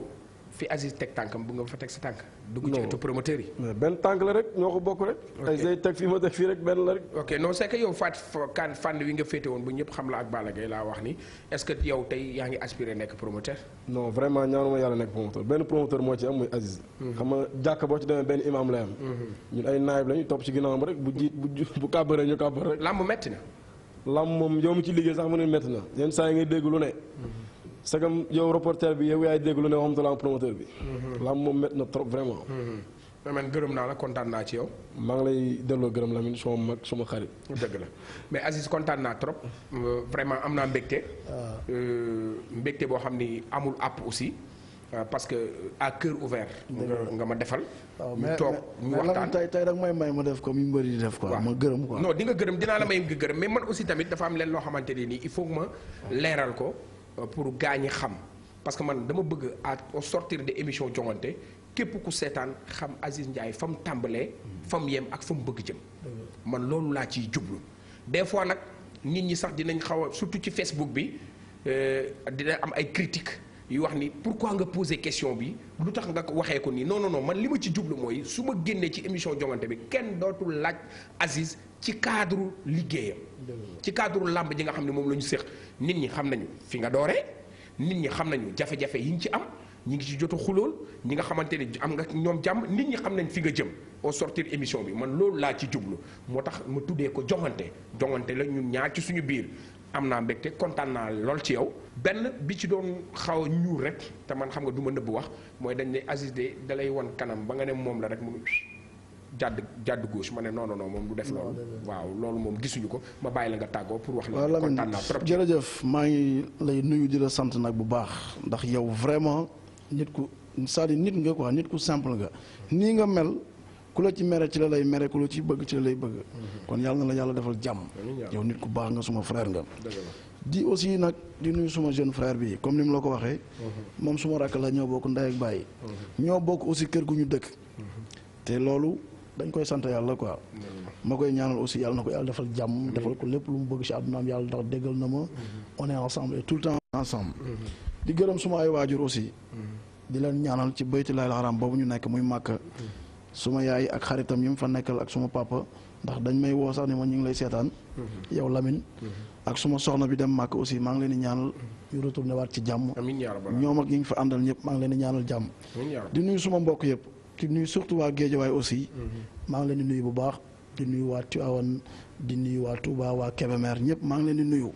fi Aziz teg tànkam bu nga fa teg sa tànk. dugg ci ëttu promoteur yi. benn tànk la rek ñoo ko bokk rek. ay say teg fii ma teg fii rek benn la rek. ok non c'est yow Fat kan fànn wi nga féete woon bu ñëpp xam la ak Balla Gaye wax ni est yow tey yaa ngi aspiré nekk promoteur. non vraiment ñaanuma yàlla nekk promoteur benn promoteur moo ci am muy Aziz. Hmm. xam nga jàkk boo ci demee benn imam lay am. Hmm. ñun ay naayib lañu topp ci ginnaawam rek bu jiit bu bu sagam yow reporter bi yow yaay dégg lu ne moom talent promoteur bi. Mhm. lamb moom métti na trop vraiment. Mhm. mais man gërëm naa la kontaan naa maa ngi lay delloo gërëm Lamine suma mag suma xarit. dëgg la mais Aziz kontaan naa trop. Euh, vraiment am naa mbégte. Ah. Euh, mbégte boo xam ni amul àpp aussi. Euh, parce que à cœur ouvert. nga ma defal. Ah, ñu toog ñu waxtaan tey tey rek may ma def ko mi mbëri di def quoi. ma gërëm ko non di nga gërëm dinaa la may nga gërëm mais man aussi tamit dafa am leen loo xamante ne nii il faut ma leeral ko. Euh, pour gagner xam parce que man dama bëgg à sortir de émission jongante képp ku seetaan xam Aziz Ndiaye fam tambalé fam fa yem ak fam bëgg jëm man loolu la ci djublu des fois nak nit ñi sax dinañ xawa surtout ci Facebook bi euh, dina am ay critiques yu wax ni pourquoi nga poser question bi lu tax nga waxé ko ni non non non man lima ci djublu moy suma génné ci émission jongante bi kenn dootul laaj Aziz ci cadre liggéeyam ci cadre lamb ji nga xam ne moom la ñu nit ñi xam nañu fi nga doore nit ñi xam nañu jafe-jafe yi ñu ci am ñi ngi ci jotu xulool ñi nga xamante ne am nga ñoom jàmm nit ñi xam nañ fi nga jëm au sortir émission bi man loolu laa ci jublu moo tax mu tuddee ko joŋante joŋante la ñun ñaar ci suñu biir am naa mbégte kontaan naa lool ci yow. benn bi ci doon xaw a ñuul rek te man xam nga du ma nëbb wax mooy dañ ne Aziz de dalay wan kanam ba nga ne moom la rek mu. jàdd jàdd gauche ma ne non non non moom du def loolu. waaw loolu moom gisuñu ko ma bàyyi la nga tàggoo pour wax. la kontaan naa trop jërëjëf maa ngi lay nuyu di la sant nag bu baax ndax yow vraiment nit ku cest à nit nga quoi nit ku simple nga nii nga mel. ku la ci mere ci la lay mere ku la ci bëgg ci la lay bëgg. Mhm. kon yàlla na la yàlla defal jàmm. yow nit ku baax nga suma frère nga. di aussi nag di nuyu suma jeune frère bi comme ni mu la ko waxee. Mhm. moom suma rakk la ñoo bokk ndey ak bàyyi. Mhm. ñoo bokk aussi kër dañ koy sante yalla quoi mm-hmm. makoy ñaanal aussi yalla nako yalla defal jàmm mm-hmm. defal ko lepp lu mu bëgg ci aduna am yalla ndax déggal na ma mm-hmm. on est ensemble et tout le temps ensemble di gërëm suma ay wajur aussi di leen ñaanal ci baytulaay xaram bobu ñu nekk muy makka suma yaay ak xaritam yim fa nekkal ak suma papa ndax dañ may wo sax ni ma ñing lay sétane yow Lamine ak suma soxna bi dem màkk aussi ma ngi leen di ñaanal ñu retourner waat ci jamm ñom ak ñing fa andal ñëpp ma ngi leen di ñaanal jamm di nuyu suma mbokk yëpp di nuyu surtout waa Géejawaay aussi. Mm-hmm. maa ngi leen di nuyu bu baax di nuyu waa Tivaouane di nuyu waa Touba waa Kébémer ñëpp maa ngi leen di nuyu.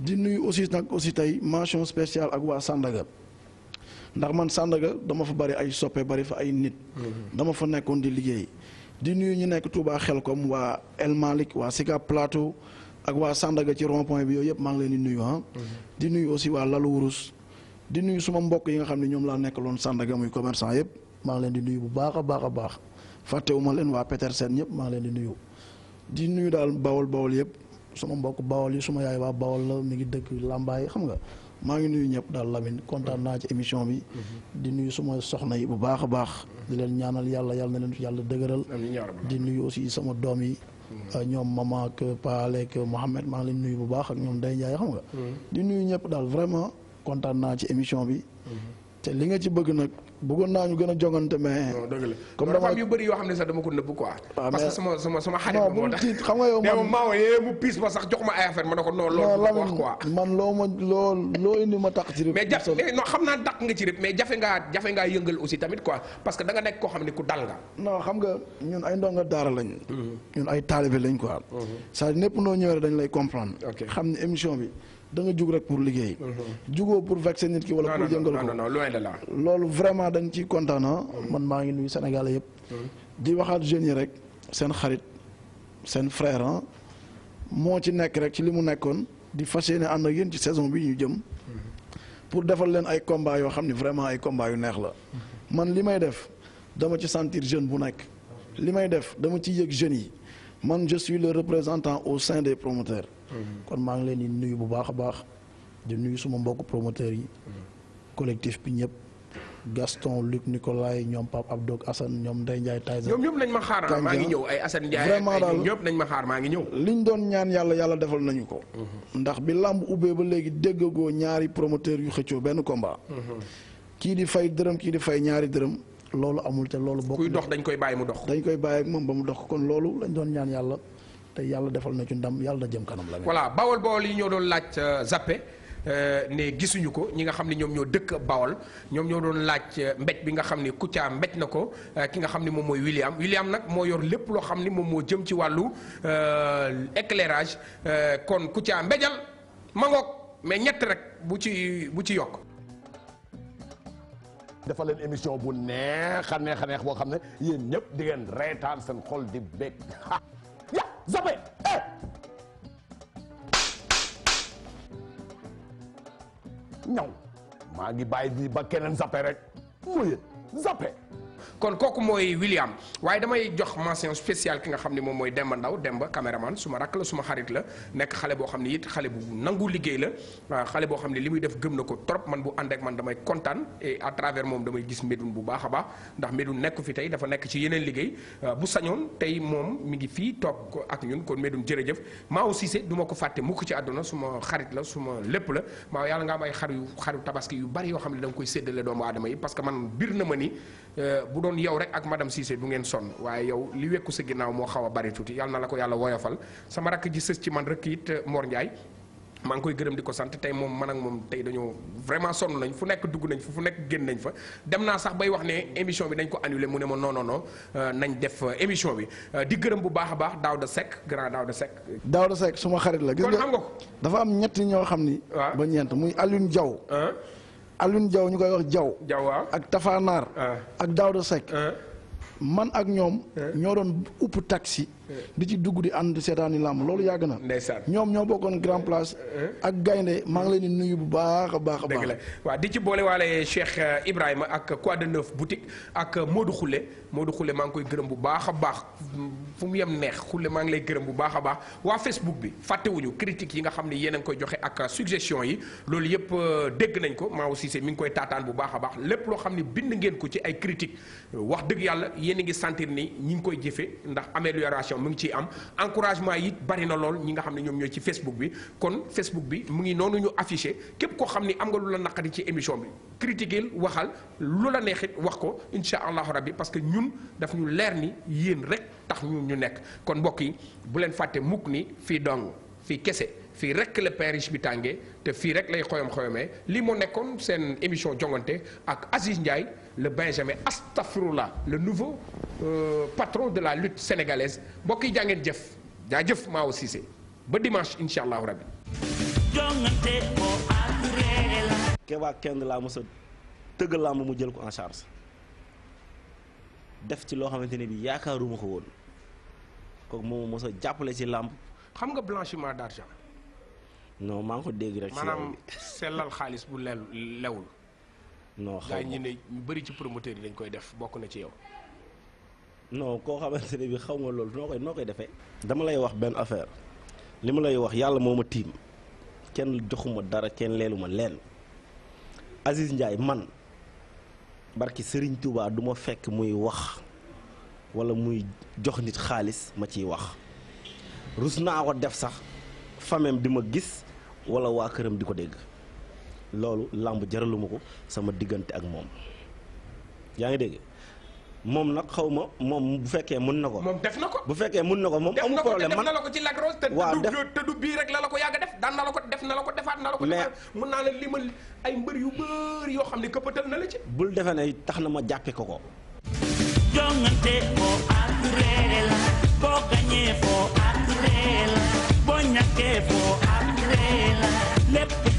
di nuyu aussi nag aussi tey mention spéciale ak waa Sandaga ndax man Sandaga dama fa bari ay soppe bari fa ay nit. Mm-hmm. dama fa nekkoon di liggéey. di nuyu ñu nekk Touba Xelkom waa El Malick waa Sicap Plateau ak waa Sandaga ci rond point bi yooyu yëpp maa ngi leen di nuyu ah. Mm-hmm. di nuyu aussi waa Lalu Wurus di nuyu suma mbokk yi nga xam ne ñoom laa nekkaloon Sandaga muy commerçant yëpp. maa ngi leen di nuyu bu baax a baax a baax fàttewuma leen waa Petersen ñëpp maa ngi leen di nuyu di nuyu daal bawol bawol yëpp suma mbokk bawol yi suma yaay waa bawol la mi ngi dëkk làmbaay xam nga maa ngi nuyu ñëpp daal Lamine kontaan naa ci émission bi di nuyu suma soxna yi bu baax a baax leen ñaanal yàlla yàlla na leen yàlla dëgëral di nuyu aussi sama doom yi mm-hmm. euh, ñoom mama ak Paale ak maa ngi leen nuyu bu baax ñoom day Ndiaye xam nga mm-hmm. di nuyu ñëpp daal vraiment kontaan naa ci émission bi mm-hmm. té li nga ci bëgg nak bëggoon naa ñu gën jongante më comme dama yu bëri yo xamné ne sax dama ko neub quoi. Ah, parce que sama sama sama xarit mo tax xam nga yow *laughs* man maa yee mu piis sax jox ma ay affaire manako non lool wax quoi. man lo ma lool lo indi ma taq ci rip mais jafe non xamna naa nga ci rip mais jafé nga jafé nga yëngël aussi tamit quoi parce que da nga nek ko xamné ne ku dal nga. non xam nga ñun ay ndonga daara lañ. Mm-hmm. ñun ay talibé lañ quoi. nepp no ñëw rek dañ lay comprendre. xamni émission bi da nga rek pour liggéey. Mhm. jugoo pour vacciner ki wala pour jëngal ko non non loin de là. lolou vraiment dañ ci contane ah. mhm. man maa ngi nuyu Sénégal yëpp. Mhm. di waxat jeune yi rek sen xarit sen frère ah. mo ci nek rek ci limu nekkone di fas yéene ànd ak yéen ci saison bi ñu jëm. pour defal len ay combat yo xamni vraiment ay combat yu neex la. man limay def dama ci sentir jeune bu nekk. limay def dama ci yegg jeune yi man je suis le représentant au sein des promoteurs. Mm-hmm. kon maa ngi leen di nuyu bu baax a baax di nuyu suma mbokk promoteurs yi. Mm-hmm. collectif bi ñëpp. Gaston Luc Nicolay ñoom Pape Abdou ak Assane ñoom Ndeye Ndiaye Tyson. ñoom ñëpp nañ ma xaar maa ngi ñëw ay Assane Ndiaye vraiment daal ñëpp nañ ma xaar maa ngi ñëw. liñ doon ñaan yàlla yàlla defal nañu ko. Mm-hmm. ndax bi làmb ubbee ba léegi déggagoo ñaari promoteur yu xëccoo benn combat. kii di fay dërëm kii di fay ñaari dërëm. loolu amul te loolu bokk kuy dox dañ koy bàyyi mu dox. dañ koy bàyyi ak moom ba mu dox kon loolu lañ doon ñaan yàlla. te yàlla defal na ci ndam yàlla na jëm kanam la. voilà bawol bawol yi ñoo doon laaj euh, zappe euh, ne gisuñu ko ñi nga xam ne ñoom ñoo dëkk bawol ñoom ñoo doon laaj euh, mbej bi nga xam ne Kouthia mbej na ko ki nga xam ne moom mooy William William nag moo yor lépp loo xam ni moom moo jëm ci wàllu éclairage kon Kouthia mbéjal ma ngoog mais ñett rek bu ci bu ci yokk. dafa leen émission bu neex a neex a neex boo xam ne yéen ñëpp di ngeen reetaan seen xol di bég. *laughs* zappé. eh je maa ngi bàyyi di ba keneen zappe rek kon koku moy William waaye damay jox mention spécial ki nga xamni mom moy Demba Ndaw Demba cameraman suma rak la suma xarit la nek xalé bo xamni yit xalé bu nangu liggey la xalé bo xamni limuy def gëm nako trop man bu ànd ak man damay contane et à travers mom damay gis medun bu baax ba ndax medun nek fi tay dafa nek ci yeneen liggey bu sañon tay mom mi ngi fi tok ak ñun kon medun jërëjëf ma aussi c'est ma ko fàtte mukk ci aduna suma xarit la suma lepp la ma yalla nga am ay xar yu xaru tabaski yu bari yo xamni dang koy doomu adamay parce que man birna ma ni Euh, bu doon yow rek ak madame Cissé du ngeen sonn waaye yow li wekku sa ginnaaw moo xaw a bari tuuti yàlla na la ko yàlla woyofal sama rakk ji sës ci man rek it euh, Mor Ndiaye maa ngi koy gërëm di ko sant tey moom man ak moom tey dañoo vraiment sonn nañ fu nekk dugg nañ fa nekk génn nañ fa dem naa sax bay wax ne émission bi dañ ko annulé mu ne ma non euh, nañ def émission bi di gërëm bu baax a baax daaw Daouda Seck grand Daouda Seck. Daouda Seck suma xarit la. gis nga dafa am ñett ñoo xam ni. ba ñeent muy Alioune Diaw. Alioune Diaw ñu koy wax Diaw. ak Tafa Naar. Ah. ak Daouda Seck. Ah. man ak ñoom. Ah. ñoo doon upp taxi. di ci dugg di ànd seetaani làmb loolu yàgg na. ndeysaan ñoom ñoo bokkoon grand place. Eh? ak gaynde maa ngi leen di nuyu bu baax a baax a baax. la waaw di ci boole waale euh, Ibrahima ak Quoi de Neuf boutique ak euh, Modou Khoule Modou Khoule maa ngi koy gërëm bu baax a baax fu neex Khoule maa ngi lay gërëm bu baax a baax waa Facebook bi fàttewuñu critique yi nga xam ne yéen a ngi koy joxe ak euh, suggestion yi loolu yëpp dégg nañ ko maa aussi c'est mi ngi koy taataan bu baax a baax lépp loo xam ne bind ngeen ko ci ay critique wax dëgg yàlla yéen a ngi sentir ni ñi ngi koy jëfe ndax amélioration mu ngi ciy am encouragement yi bari na lool ñi nga xam ne ñoom ñooy ci Facebook bi kon Facebook bi mu ngi noonu ñu affiché képp koo xam ni am nga lu la naqari ci émission bi critiquer waxal lu la neexit wax ko incha allahu bi parce que ñun daf ñu leer ni yéen rek tax ñun ñu nekk kon mbokk yi bu leen fàtte mukk ni fii dong fii kese. fi rek le parish bi tangé té fi rek lay xoyom xoyomé li mo nekkoon sen émission jongante ak Aziz Ndiaye le Benjamin Astafroula le nouveau euh, patron de la lutte sénégalaise bokki yi jàngeen jëf jaa jëf aussi Cissé ba dimanche inshallah rabbi incha allahu rabbi ke waa kenn la mos a tëgg làmb mu jël ko en charge def ci loo xamante ne bi yaakaaruma ko woon kooku mo mos a jàppale ci lamb xam nga blanchiment d'argent non maa ngi ko dégg rek. sellal xaalis bu lel lewul. non xaw ma ne ñu bëri ci promoteur yi dañ koy def bokk na ci yow. non koo xamante ne bi xaw ma loolu noo koy noo koy defee. dama lay wax benn affaire li ma lay wax yàlla moo ma tiim kenn joxuma dara kenn leelu ma leen Aziz Ndiaye man barki Serigne Touba du ma fekk muy wax wala muy jox nit xaalis ma ciy wax rus naa ko def sax famem di ma gis. wala wa kërëm diko dégg loolu lamb jaraluma ko sama diggante ak moom yaa ngi dégg mom nak xawma mom bu fekkee mën nako mom def nako bu fekkee mën nako mom amu problème man nalako ci lagros te te du bi rek la la ko def dan nalako def nalako defat nalako la mën na la limal ay mbeur yu beur yo xamni ne na la ci. bul defee taxna ma jappé ko ko. jongante mo àgg bo gagné fo gañee bo ñaké fo la Let